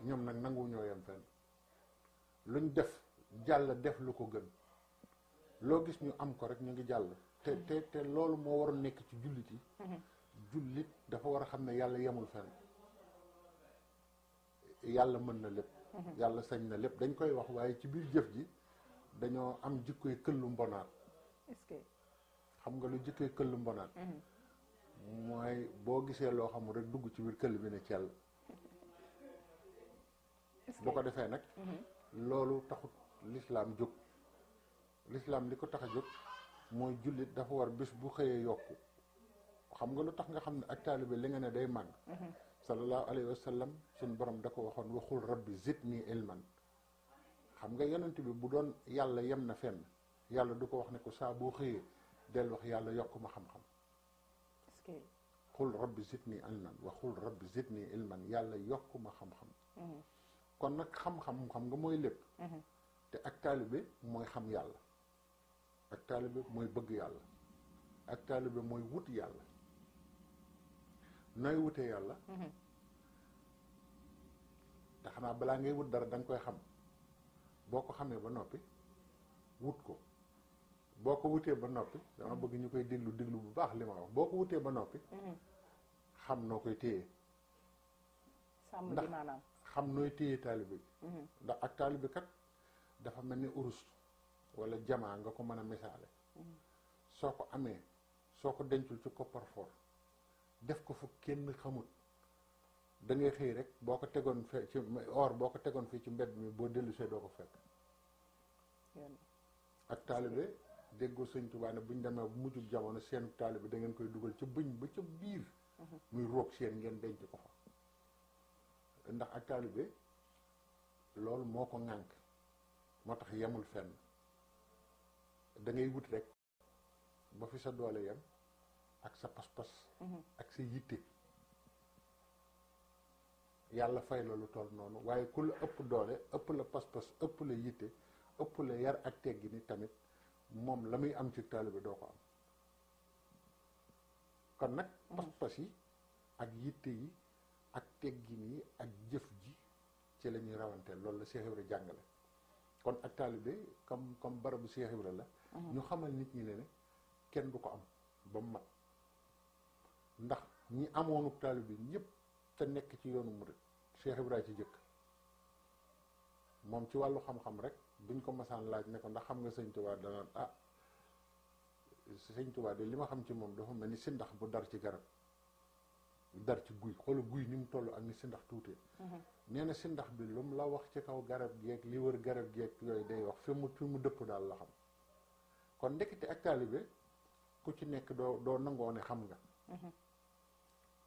Speaker 2: ñoom nag nangu ñoo yem fenn luñ def jàll def lu ko gën loo gis ñu am ko rek ñu ngi jàll te te mhm. te loolu moo war a nekk ci jullit yi jullit dafa war a xam ne yàlla yemul fenn yàlla mën na lépp Mhm. yàlla sañ na lépp dañ koy wax waaye ci biir jëf ji dañoo am jikkoy këllu mbonaat est que xam nga lu jikkoy këllu mbonaat mhm. mooy boo gisee loo xamul rek dugg ci biir këll bi ne cell
Speaker 3: bu ko defee nag mhm.
Speaker 2: loolu taxut lislaam jóg lislaam li ko tax a jóg mooy jullit dafa war bis bu xëyee yokku xam nga lu tax nga xam ne ak taalibe li nga ne day màgg sallallahu alayhi wa sallam suñ borom da ko waxoon waxul rabbi nii ilman xam nga yonent bi bu doon yàlla yem na fen yàlla du ko wax ne ko saa boo xëyee del wax yàlla yokk ma xam-xam xul rabbi zidni ilman wa xul rabbi zidni ilman yàlla yokk ma mhm. kon nag xam-xam nga mooy lépp mhm. te ak taalibe mooy xam yàlla ak taalibe mooy bëgg yàlla ak taalibe mooy wut yàlla nooy wutee yàlla mhm. te xanaa balaa ngay wut dara danga koy xam boo ko xamee ba noppi wut ko boo ko wutee ba noppi dama bëgg ñu koy déglu bu baax li boo wutee ba noppi mhm. xam noo koy téye ndax xam nooy téye taalibe bi mhm. ndax ak taalibe kat dafa mel ni urus wala jamaa nga ko mën a misaale soo ko amee soo ko dencul ci coffre-fort def ko fu kenn xamut da ngay xëy rek boo ko tegoon fe ci or boo ko tegoon fii ci mbedd mi boo dellusee doo ko fekk ak taalibe déggoo sëñ Tuubaa ne bu ñu demee bu mujjub jamono seen taalibe da ngeen koy dugal ca bëñ ba ca biir mhm. muy roog seen ngeen denc ko fa ndax ak taalibe loolu moo ko ŋànk moo tax yemul fenn dangay ngay wut rek ba fi sa doole yem ak sa pas-pas mhm. ak sa yitte yàlla fay la lu toll noonu waaye ku la ëpp doole ëpp la pas-pas ëpp la yitte ëpp la yar ak teggi ni tamit moom la muy am ci taalibe doo ko am kon nag mhm. pas-pas yi ak yitte yi ak teggin ak jëf ji ci lañuy ñuy rawante loolu la Cheikh Ibra jàngale kon ak taalibe comme comme barabu Cheikh Ibra la mhm. ñu xamal nit ñi ne ne kenn du ko am ba mu mat ndax ñi amoonu taalibe ñëpp te nekk ci yoonu murid Cheikh Ibrahima ci jëkk moom ci wàllu xam-xam rek buñ ko masaan laaj ne ko ndax xam nga sëñ Tuubaa danaan ah sëñ li ma xam ci moom dafa mel si ndax bu dar ci garab dar ci guy xoolu guy ni mu toll ak ni si ndax tuutee mhm. nee na ndax bi lu la wax ci kaw garab geeg li wër garab geeg yooyu day wax fi mu fi mu dëpp daal la xam kon ndekete ak taalibe ku ci nekk doo doo nangoo ne xam nga mhm.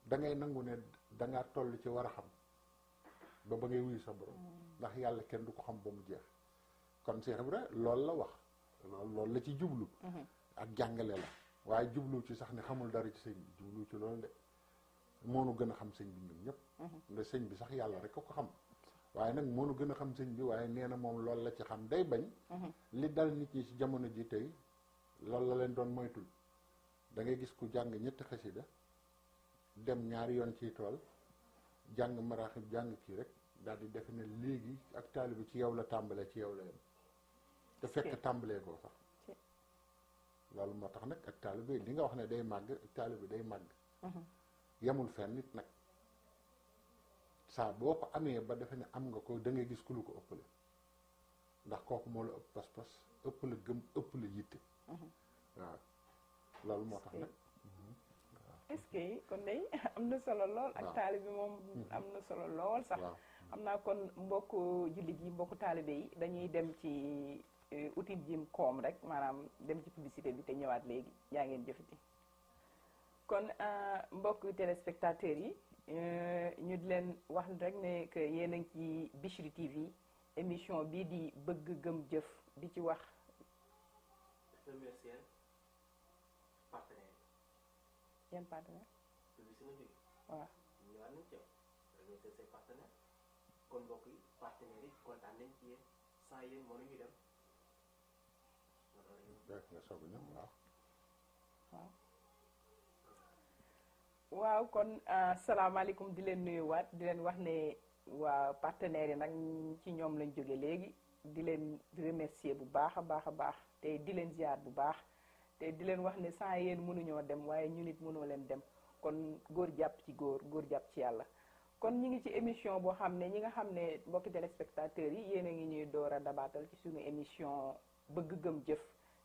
Speaker 2: da ngay nangu ne da ngaa toll ci war a xam ba ba ngay wuyu sa borom mm. ndax yàlla kenn du ko xam ba mu jeex kon Cheikh Ibra loolu la wax lool la ci jublu mm-hmm. ak jàngale la waaye jublu ci sax ne xamul dara ci sëñ bi jublu ci lool de moonu gën a xam sëñ bi ñëpp mm-hmm. sëñ bi sax yàlla rek a xam waaye nag moonu gën a xam sëñ bi waaye nee na moom loolu la ci xam day bañ mm-hmm. li dal nit ñi ci jamono ji tey loolu la leen doon moytul da ngay gis ku jàng ñetti xasida dem ñaari yoon ciy tool jàng maraaxib jàng kii rek daal di defe ne léegi ak taalibe ci yow la tàmbalee ci yow la yem te fekk tàmbalee koo sax loolu moo tax nag ak taalibe li nga wax ne day màgg ak taalibe day màgg mhm. yemul fenn nit nag saa boo ko amee ba defe ne am nga ko da gis ku lu ko ëppale ndax kooku moo la ëpp pas-pas ëpp la gëm ëpp la yitte mhm. waaw loolu moo tax nag
Speaker 1: est yi kon day am na solo lool ak taalibe moom mm-hmm. am na solo lool sax xam naa kon mbokk jullit yi mbokk taalibe yi dañuy dem ci euh, outil jim koom rek maanaam dem ci publicité bi te ñëwaat léegi yaa ngeen jëfati kon euh, mbokk téléspectateurs yi euh, ñu di leen wax rek ne que yéen a ngi ci Bichri TV émission bii di bëgg gëm jëf di ci wax commercial yan partenaire. publicité si ma jógee. waaw ñëwaat nañ ci yow. kon mbokk yi ah, salaamaaleykum di leen nuyuwaat di leen wax ne waa partenaires yi nag ci ñoom lañ jóge léegi di leen remercier bu baax a baax a baax te di leen ziar bu baax. te di leen wax ne sans yéen mënuñoo dem waaye ñu nit mënoo leen dem kon góor jàpp ci góor góor jàpp ci yàlla kon ñi ngi ci émission boo xam ne ñi nga xam ne mbokki téléspectateurs yi yéen a ngi ñuy door a dabaatal ci suñu émission bëgg gëm jëf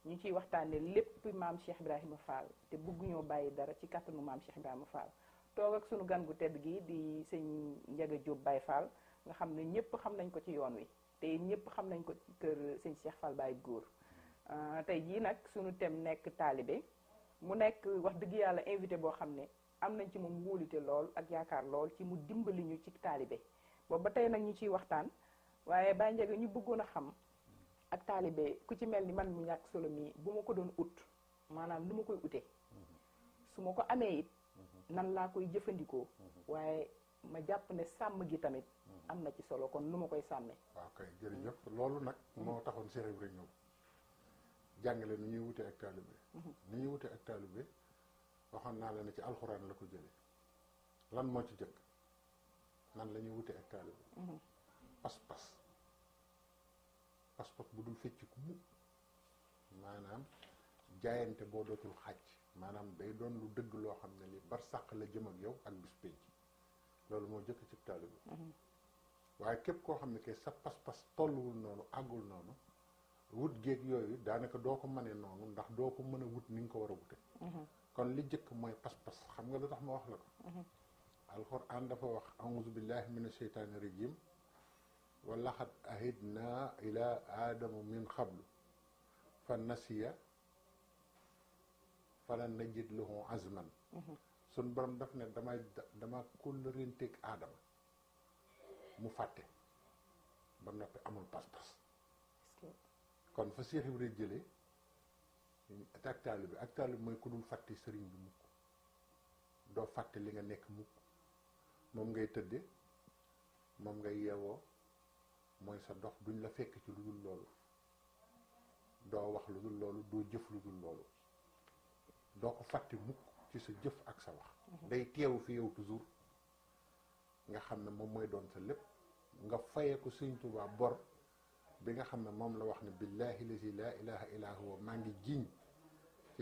Speaker 1: ñu ciy waxtaanee lépp maam Cheikh Ibrahima Fall te bëgguñoo bàyyi dara ci kàttanu maam Cheikh Ibrahima Fall toog ak suñu gan gu tedd gi di sëñ Ndiaga Diop Baye Fall nga xam ne ñëpp xam nañ ko ci yoon wi te ñëpp xam nañ ko kër sëñ Cheikh Fall Góor Euh, tey jii nag sunu thème nekk taalibe mu nekk wax dëgg yàlla invité boo xam ne am nañ ci moom wóolite lool ak yaakaar lool ci mu dimbali ñu ci taalibe boobu ba tey nag ñu ciy waxtaan waaye Baye Ndiaga ñu bëggoon a xam ak taalibe ku ci mel ni man mu ñàkk solo mi bu ma ko doon ut maanaam lu ma koy utee su ma ko amee it nan laa koy jëfandikoo waaye ma jàpp ne sàmm gi tamit am na ci solo kon lu ma koy sàmmee.
Speaker 2: waaw kay jërëjëf loolu nag moo taxoon Serigne rek ñëw. jàngale ni ñuy wute ak taalibe mhm. ni ñuy wute ak taalibe waxoon naa la ne ci alxuraan la ko jële lan moo ci jëkk nan la ñuy wute ak taalibe mhm. pas-pas pas-pas bu dul fecc ku mu maanaam jaayante boo dootul xàcc maanaam day doon lu dëgg loo xam ne li bar sàq la jëm ak yow ak bis penc loolu moo jëkk ci taalibe mhm. waaye képp koo xam ne kay sa pas-pas tolluwul noonu àggul noonu wut géeg yooyu daanaka doo ko mënee noonu ndax doo ko mën a wut ni ko war a wute mhm. kon li jëkk mooy pas-pas xam nga lu tax ma wax la ko mhm. alquran dafa wax auzu billahi min asheytaani rajim wa laqad ahidna ila aadama min qablu fa nasiya falan najid lahu azman mhm. suñ borom daf ne damay dama kóllërenteeg aadama mu fàtte ba noppi amul pas-pas kon fa bu Ibrahima jëlee ak bi ak bi mooy ku dul fàtte sëriñ bi mukk doo fàtte li nga nekk mukk moom ngay tëdde moom ngay yeewoo mooy sa dox duñ la fekk ci lu dul loolu doo wax lu dul loolu doo jëf lu dul loolu doo ko fàtte mukk ci sa jëf ak sa wax mhm. day teewu fi yow toujours nga xam ne moom mooy doon sa lépp nga fayee ko Sëriñ Tuubaa bor bi nga xam ne moom la wax ne billaahi lazi laa ilaha huwa maa ngi jiñ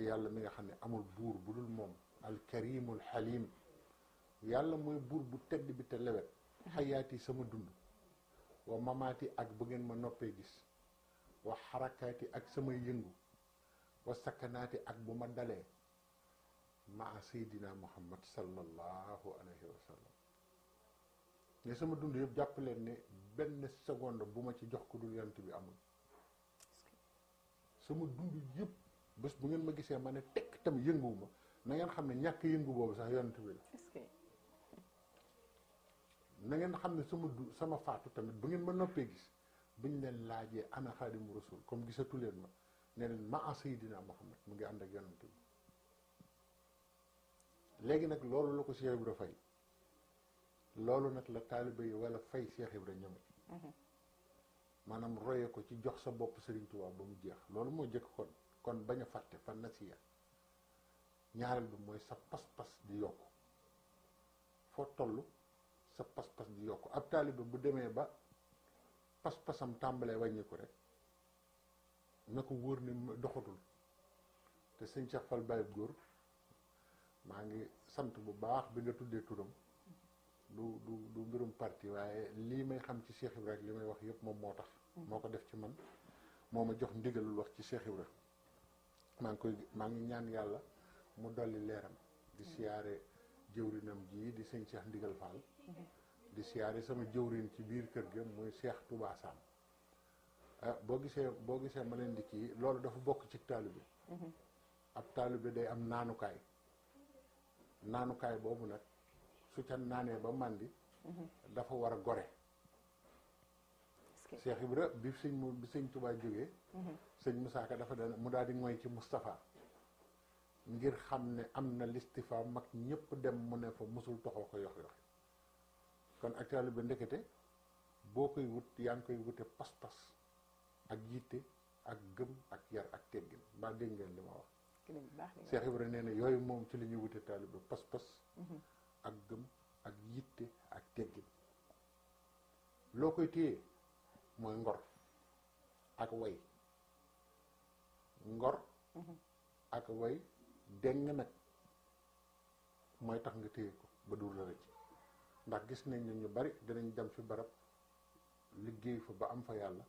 Speaker 2: yàlla mi nga xam ne amul buur bu dul moom alkarimul xalim yàlla mooy buur bu tedd bi te lewet xayaati sama dund wa mamaati ak bu ngeen ma noppee gis wa xarakaati ak samay yëngu wa sakanaati ak bu ma dalee maa seydina muhammad sallallahu alayhi wa sallam ne sama dund yëpp jàpp leen ne benn seconde bu ma ci jox ko dul yonent bi amul sama dund yépp bés bu ngeen ma gisee ma ne tekk tam yënguwuma na ngeen xam ne ñàkk yëngu boobu sax yonent bi na ngeen xam ne sama du sama faatu tamit bu ngeen ma noppee gis buñ leen laajee ana xaadimu rasul comme gisatu leen ma ne leen ma an sayidina Muhammad mu ngi ànd ak yonent bi léegi nag loolu la ko Cheikh Ibra Faye loolu nag la taalibe yi wala fay Cheikh rek ñoom ci maanaam roye ko ci jox sa bopp Serigne Touba ba mu jeex loolu moo jëkk kon kon bañ a fàtte fan na si ñaareel bi mooy sa pas-pas di yokk foo toll sa pas-pas di yokk ab taalibe bu demee ba pas-pasam tàmbalee wàññiku rek na ko wóor ni doxatul te sëñ Cheikh Fall Baye góor maa ngi sant bu baax bi nga tuddee turam du lu du mbirum parti waaye lii may xam ci Cheikh Ibra li may wax yépp moom moo tax. Mm. moo ko def ci man moo ma jox ndigalul wax ci Cheikh Ibra maa ngi koy maa ngi ñaan yàlla mu dolli leeram di mm. siyaare jëwrinam ji di sëñ Cheikh Ndigal Fall. Mm-hmm. di siyaare sama jëwrin ci biir kër gi muy Cheikh Touba Sam ah, boo gisee boo gisee ma leen di kii loolu dafa bokk ci taalibe bi. Mm-hmm. ab taalibe bi day am naanukaay naanukaay boobu nag. su ca naanee ba màndi mhm. dafa war a gore Cheikh Ibra bi sëñ mu bi sëñ Touba jógee mhm. sëñ Moussa Ka dafa daan mu daal di mooy ci Moustapha ngir xam ne am na listifa mag ñëpp dem mu ne fa mosul toxoo ko yox yoxi kon actuellement bi ndekete boo koy wut yaa ngi koy wute pas-pas ak yitte ak gëm ak yar ak teggin mbaa dégg ngeen li ma wax Cheikh nee na yooyu moom ci li ñuy wute taalibe pas-pas koy téye mooy ngor ak way ngor ak way deng nag mooy tax nga téye ko ba du la rëcc ndax gis nañ ne ñu bari dinañ jam fi barab liggéey fa ba am fa yàlla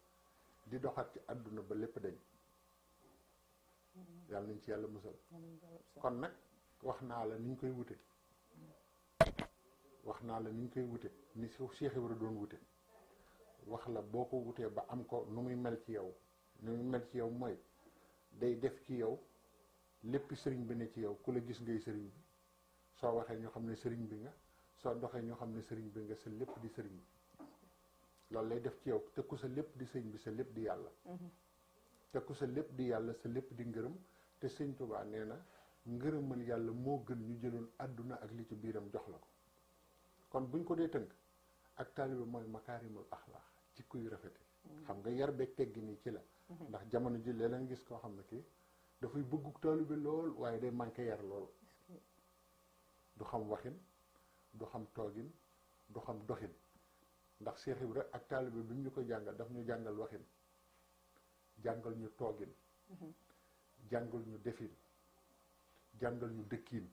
Speaker 2: di doxat ci àdduna ba lépp dañ mm-hmm. yàlla nañ ci yàlla musal kon nag wax naa la niñ koy wute wax naa la niñ koy wute ni Cheikh Ibra doon wute wax la boo ko wutee ba am ko nu muy mel ci yow nu muy mel ci yow mooy day def ci yow lépp sëriñ bi ne ci yow ku la gis ngay sëriñ bi soo waxee ñoo xam ne sëriñ bi nga soo doxee ñoo xam ne sëriñ bi nga sa lépp di sëriñ bi loolu lay def ci yow te ku sa lépp di sëriñ bi sa lépp di yàlla mm-hmm. te ku sa lépp di yàlla sa lépp di ngërëm te sëñ Tuubaa nee na ngërëmal yàlla moo gën ñu jëloon àdduna ak li ci biiram jox la ko kon buñ ko dee tënk ak taalibe mooy makaarimul ci yu rafet xam nga yar beeg teggi nii ci la ndax jamono ji léeg-léeg gis koo xam ne kii dafay bëgguk taalibe lool waaye day manqué yar lool du xam waxin du xam toogin du xam doxin ndax Cheikh Ibra ak taalibe bi mu ñu ko jàngal daf ñu jàngal waxin jàngal ñu toogin jàngal ñu defin jàngal ñu dëkkiin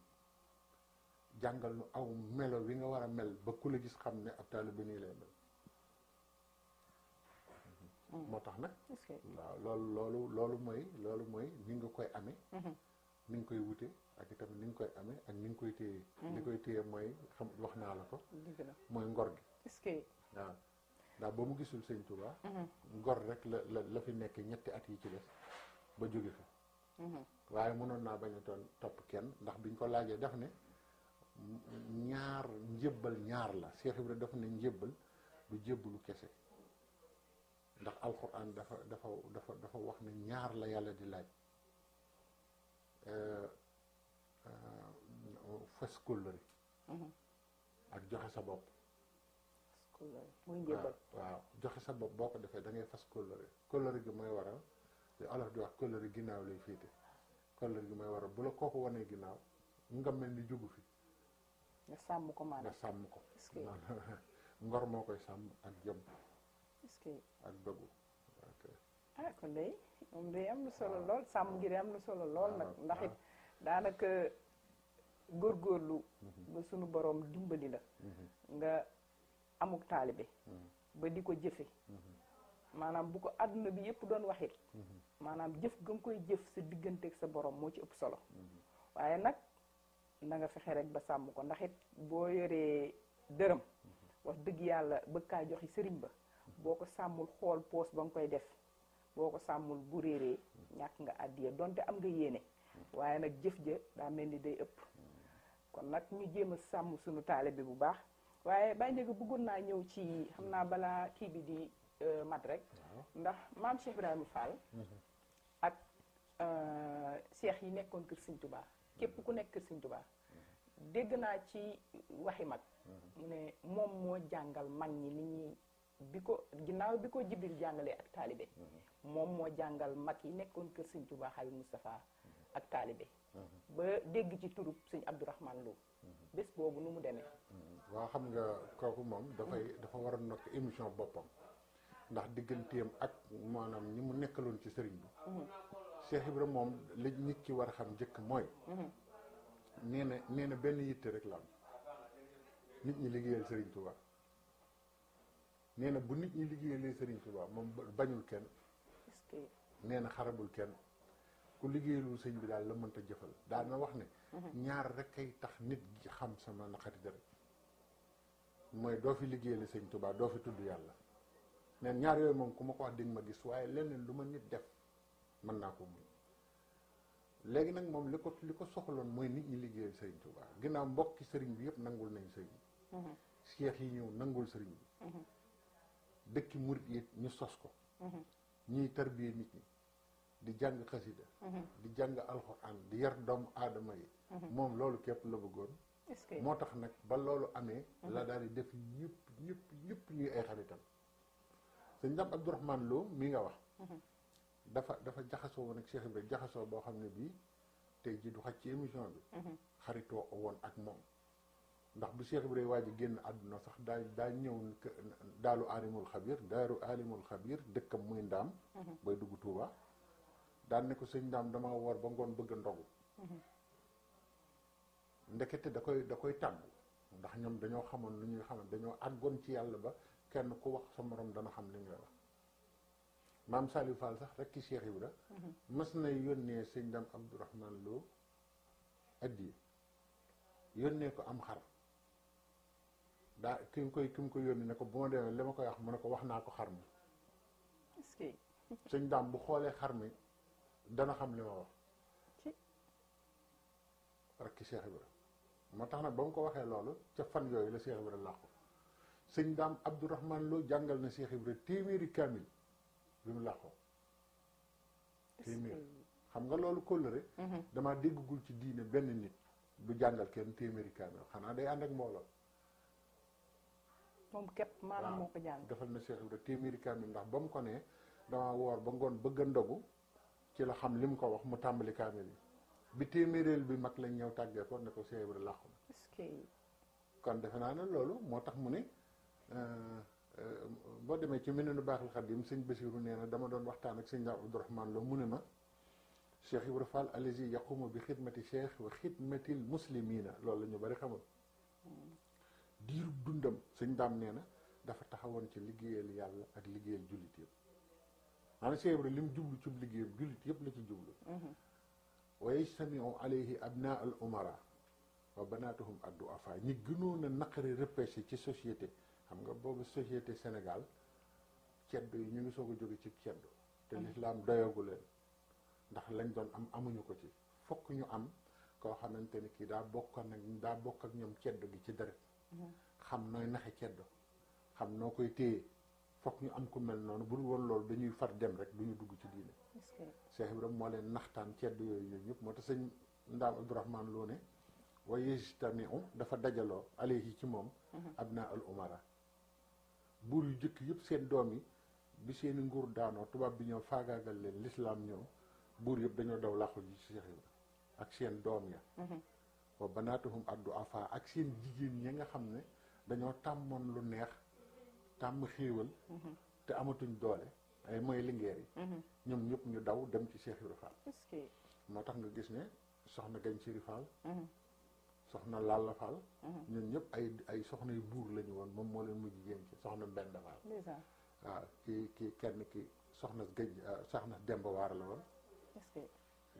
Speaker 2: jàngal ñu aw melo wi nga war a mel ba ku la gis xam ne ak taalibe nii lay mel Mm. moo tax nag. waaw loolu loolu mooy loolu mooy ni nga koy amee. Mm-hmm. ni nga koy wute ak itam ni nga koy amee ak ni nga koy téye. Mm. li koy téye mooy xam wax naa la ko. mooy ngor gi. est-ce que waaw ndax ba mu gisul sëñ Touba. Mm-hmm. ngor rek la la fi nekk ñetti at yi ci des ba jóge fa. Mm-hmm. waaye mënoon naa bañ a doon topp kenn ndax biñ ko laajee daf ne ñaar njébbal ñaar la Cheikh Ibrahima daf ne njébbal du jébbalu kese. ndax alquran dafa dafa dafa dafa wax ni ñaar la yàlla di laaj euh, euh, fas kóllëre mhm. ak joxe sa bopp muy waaw joxe sa bopp boo ko defee dangay fas kóllëre kóllëre gi mooy waral li olof di wax kóllëre ginnaaw lay féete kóllëre gi mooy waral bu la kooku wanee ginnaaw nga mel ni jugu fi
Speaker 1: nga sàmm ko maanaam nga
Speaker 2: sàmm ko ngor moo koy sàmm ak jom est-ce que ak dëggu
Speaker 1: ah kon day moom day ah. am na solo lool sàmm gi day am na solo lool nag ndax it daanaka góorgóorlu mhm. ba sunu boroom dimbali la mhm. nga amuk taalibe mhm. ba di ko jëfe maanaam bu ko àdduna bi yëpp doon waxit maanaam jëf ga nga koy jëf sa diggante ak sa borom moo ci ëpp solo waaye nag nanga fexe rek ba sàmm ko ndax it boo yoree dërëm wax dëgg yàlla bëgg kaa joxi sëriñ ba boo ko sàmmul xool poos ba nga koy def boo ko sàmmul bu réeree ñàkk nga àddiya donte am nga yéene waaye nag jëf ja daa mel ni day ëpp kon nag ñu jéem a sàmm suñu taale bi bu baax waaye Baye Ndiaga bëggoon naa ñëw ci xam naa balaa kii bi di euh, mat rek ndax maam Cheikh Ibrahima Fall
Speaker 3: mm-hmm. ak
Speaker 1: seex euh, yi nekkoon kër Sëñ Tuubaa képp ku nekk kër Sëñ Tuubaa
Speaker 3: mm-hmm.
Speaker 1: dégg naa ci waxi mag mm-hmm. mu ne moom moo jàngal mag ñi nit ñuy bi ko ginnaaw bi ko jibril jàngalee ak taalibe moom moo jàngal mag yi nekkoon kër sëñ Tuubaa Xaadimu Mustafaa ak taalibe ba dégg ci turub sëñ Abdourahman Lo bés boobu nu mu demee
Speaker 2: waaw xam nga kooku moom dafay dafa war a nokk émission boppam ndax digganteem ak maanaam ñi mu nekkaloon ci sëriñ bi Cheikh moom li nit ki war a xam njëkk mooy nee na benn yitte rek la nit ñi liggéeyal sëriñ Tuubaa nee na bu nit ñi liggéeyalee Serigne Touba moom bañul kenn. nee na xarabul kenn ku liggéeyalul sëñ bi daal la mënta jëfal daal wax ne. Mhm. ñaar rek kay tax nit gi xam sama naqari dara mooy doo fi liggéeyale sëñ tubaa doo fi tudd yàlla. neen ñaar yooyu moom ku ma ko wax dégg ma gis waaye leneen lu ma nit def mën naa ko muñ léegi nag moom li ko li ko soxaloon mooy nit ñi liggéeyal sëriñ Touba ginnaaw mbokki sëriñ bi yëpp nangul nañu sëriñ bi. Mhm. seex yi ñëw nangul sëriñ dëkki murit ñu sos ko mhm. ñuy tarbiye nit ñi di jàng xasida mhm. di jàng alxuraan di yar doomu aadama yi mhm. moom loolu képp la bëggoon moo tax nag ba loolu amee la daal di def ñëpp ñëpp ñuy ay xaritam sëñ Dame Abdourahmane Lo mi nga wax dafa dafa jaxasoo woon ak Cheikh jaxasoo boo xam ne bii te jii du xaj ci émission bi xaritoo woon ak moom ndax bu Cheikh Ibrahima waa ji génn àdduna sax daa daa ñëw daalu alimul xabir daaru alimul xabir dëkkam muy ndaam mhm. bay dugg Touba daan ne ko sëñ ndaam dama woor ba ngoon bëgg a ndogu mhm. ndekete da koy da koy tàggu ndax ñoom dañoo xamoon lu ñuy xamoon dañoo àggoon ci yàlla ba kenn ku wax sa moroom dana xam li nga wax maam Saliou sax rek ki Cheikh Ibra mhm. na yónnee sëñ ndaam Abdourahmane Lo addiye yónnee ko am xar daa ki mu koy ki mu koy ne ko bu ma demee li ma koy wax mu ne ko wax naa ko xar mi. sëñ daam bu xoolee xar mi dana xam li ma wax. ci. rakki moo tax nag ba mu ko waxee loolu ca fan yooyu la Cheikh Ibrahima làqu sëñ daam Abdourahman Lo jàngal na Cheikh Ibrahima téeméeri kaamil bi mu làqu. téeméer xam nga loolu kóllëre. Mhm. damaa déggagul ci diine benn nit du jàngal kenn téeméeri kaamil xanaa day ànd ak mbooloo.
Speaker 1: moom képp maanaam
Speaker 2: moo ko jàng defal na Cheikh Ibrahima téeméeri kaamil ndax ba mu ko ne dama woor ba ngoon bëgg a ndogu ci la xam li mu ko wax mu tàmbali kaamil yi bi téeméereel bi mag lañ ñëw tàggee ko ne ko Cheikh Ibrahima làqu na kon defe naa ne loolu moo tax mu ne euh, euh, boo demee ci baax Minanu Baaxil mu sëñ Basiru nee na dama doon waxtaan ak sëñ Abdourahmane Lo mu ne na ma Cheikh Ibrahima Fall alazi yaqumu bi xidmati cheikh wa xidmatil muslimina loolu la ñu bari xamul diirub dundam sëñ daam nee na dafa taxawoon ci liggéeyal yàlla ak liggéeyal jullit yëpp maanaam Cheikh Ibra jublu ci liggéeyam jullit yëpp la ci jublu mm-hmm. wa yajtamiu alayhi abna al umara wa banatuhum addu afa ñi gënoon a naqari repêché ci société xam nga boobu société Sénégal ceddo yi ñu ngi soog a jóge ci ceddo te mm-hmm. lislaam doyagu ndax lañ doon am amuñu ko ci fokk ñu am koo xamante ni kii daa bokk nag daa bokk ñoom ceddo gi ci deret xam nooy naxe ceddo xam noo koy téye foog ñu am ku mel noonu bu dul woon loolu dañuy far dem rek du ñu dugg ci diine Cheikh Ibrahima moo leen naxtaan ceddo yooyu yooyu ñëpp moo tax sëñ ndaam Abdourahmane loo ne wa yejtamiu dafa dajaloo alayhi ci moom mhm. abna al umara buur yu jëkk yëpp seen doom yi bi seeni nguur daanoo tubaab bi ñëw faagaagal leen lislaam ñëw buur yëpp dañoo daw làqu ji ci Cheikh Ibrahima ak seen doom ya mhm. wa banaatuhum addu afa ak seen jigéen ñi nga xam ne dañoo tàmmoon lu neex tàmm xéewal mhm. te amatuñ doole ay mooy lingeer yi mhm. ñoom ñëpp ñu daw dem ci Cheikh Ibra moo tax nga gis ne soxna Gañ Siri Fall mhm. soxna Lalla Fall ñun ñëpp ay ay soxna yu buur la woon moom moo leen mujj jigéen ci soxna Mbenda Fall waaw kii kii kenn ki soxna Gañ ah, soxna Demba Waar la woon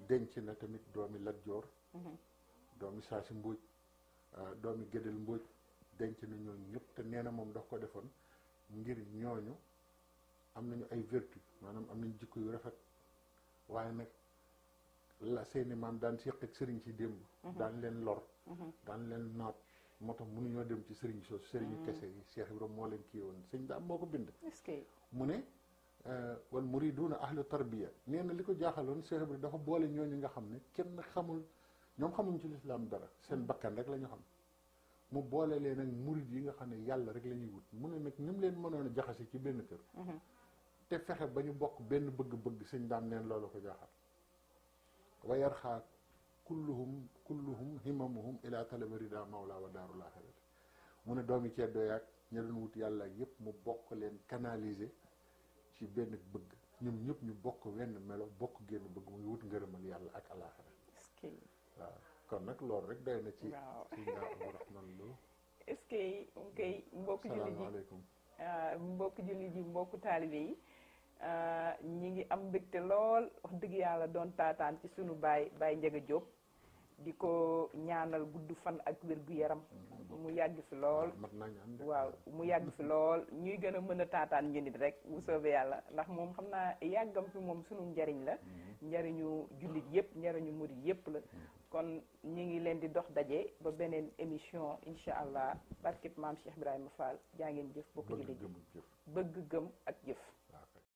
Speaker 2: denc na tamit doomi Lat Joor doomi Saasi Mbuuj euh, doomi Gédel Mbuuj denc na ñooñu ñëpp te nee na moom daf ko defoon ngir ñooñu am nañu ay vertu maanaam am nañ jikko yu rafet waaye nag la seeni maam daan séq ak sëriñ si démb mhm. daan leen lor mhm. daan leen noot moo tax mënuñoo dem ci sëriñ soosu sëriñu mm. kese yi Cheikh moo leen kii woon sëñ daam moo ko bind mu ne euh, wal muriduuna ahlu tarbiya nee na li ko jaaxaloon Cheikh Ibrahima dafa boole ñooñu nga xam ne kenn xamul ñoom xamuñ ci lislaam dara seen bakkan rek lañu ñu xam mu boole leen ak murit yi nga xam ne yàlla rek la ñuy wut mu ne nag ni leen mënoon a jaxase ci benn kër mhm. te fexe ba ñu bokk benn bëgg-bëgg sëñ daam neen loolu ko jaaxal wa yarxaa kulluhum kulluhum himamuhum ila talaba rida mawla wa daarul mu ne doomi ceddoo yaag ña doon wut yàlla yépp mu bokk leen canaliser ci benn bëgg ñoom ñëpp ñu bokk wenn melo bokk génn bëgg mu ngi wut ngërëmal yàlla ak alaaxira waaw kon nag loolu rek doy na ci. waaw ci nga Abdourahmane Lo
Speaker 1: est-ce que kay mm. mbokk julli ji salaamaaleykum ah, mbokk julli ji mbokk taalibe yi ah, ñu ngi am mbégte lool wax dëgg yàlla doon taataan ci sunu baay baay Njaga Jóob di ko ñaanal gudd fan ak wér gu yaram mm-hmm. mu yàgg fi lool waaw mu yàgg fi lool ñuy gën a mën a taataan ñu nit rek bu soobee yàlla ndax moom xam naa yàggam fi moom sunu njariñ la mm-hmm. njariñu jullit yépp njariñu murit yépp la mm-hmm. kon ñu ngi leen di dox daje ba beneen émission incha allah barkeb maam Cheikh Ibrahima Fall jaa ngeen jëf bokk jullit yi bëgg gëm ak jëf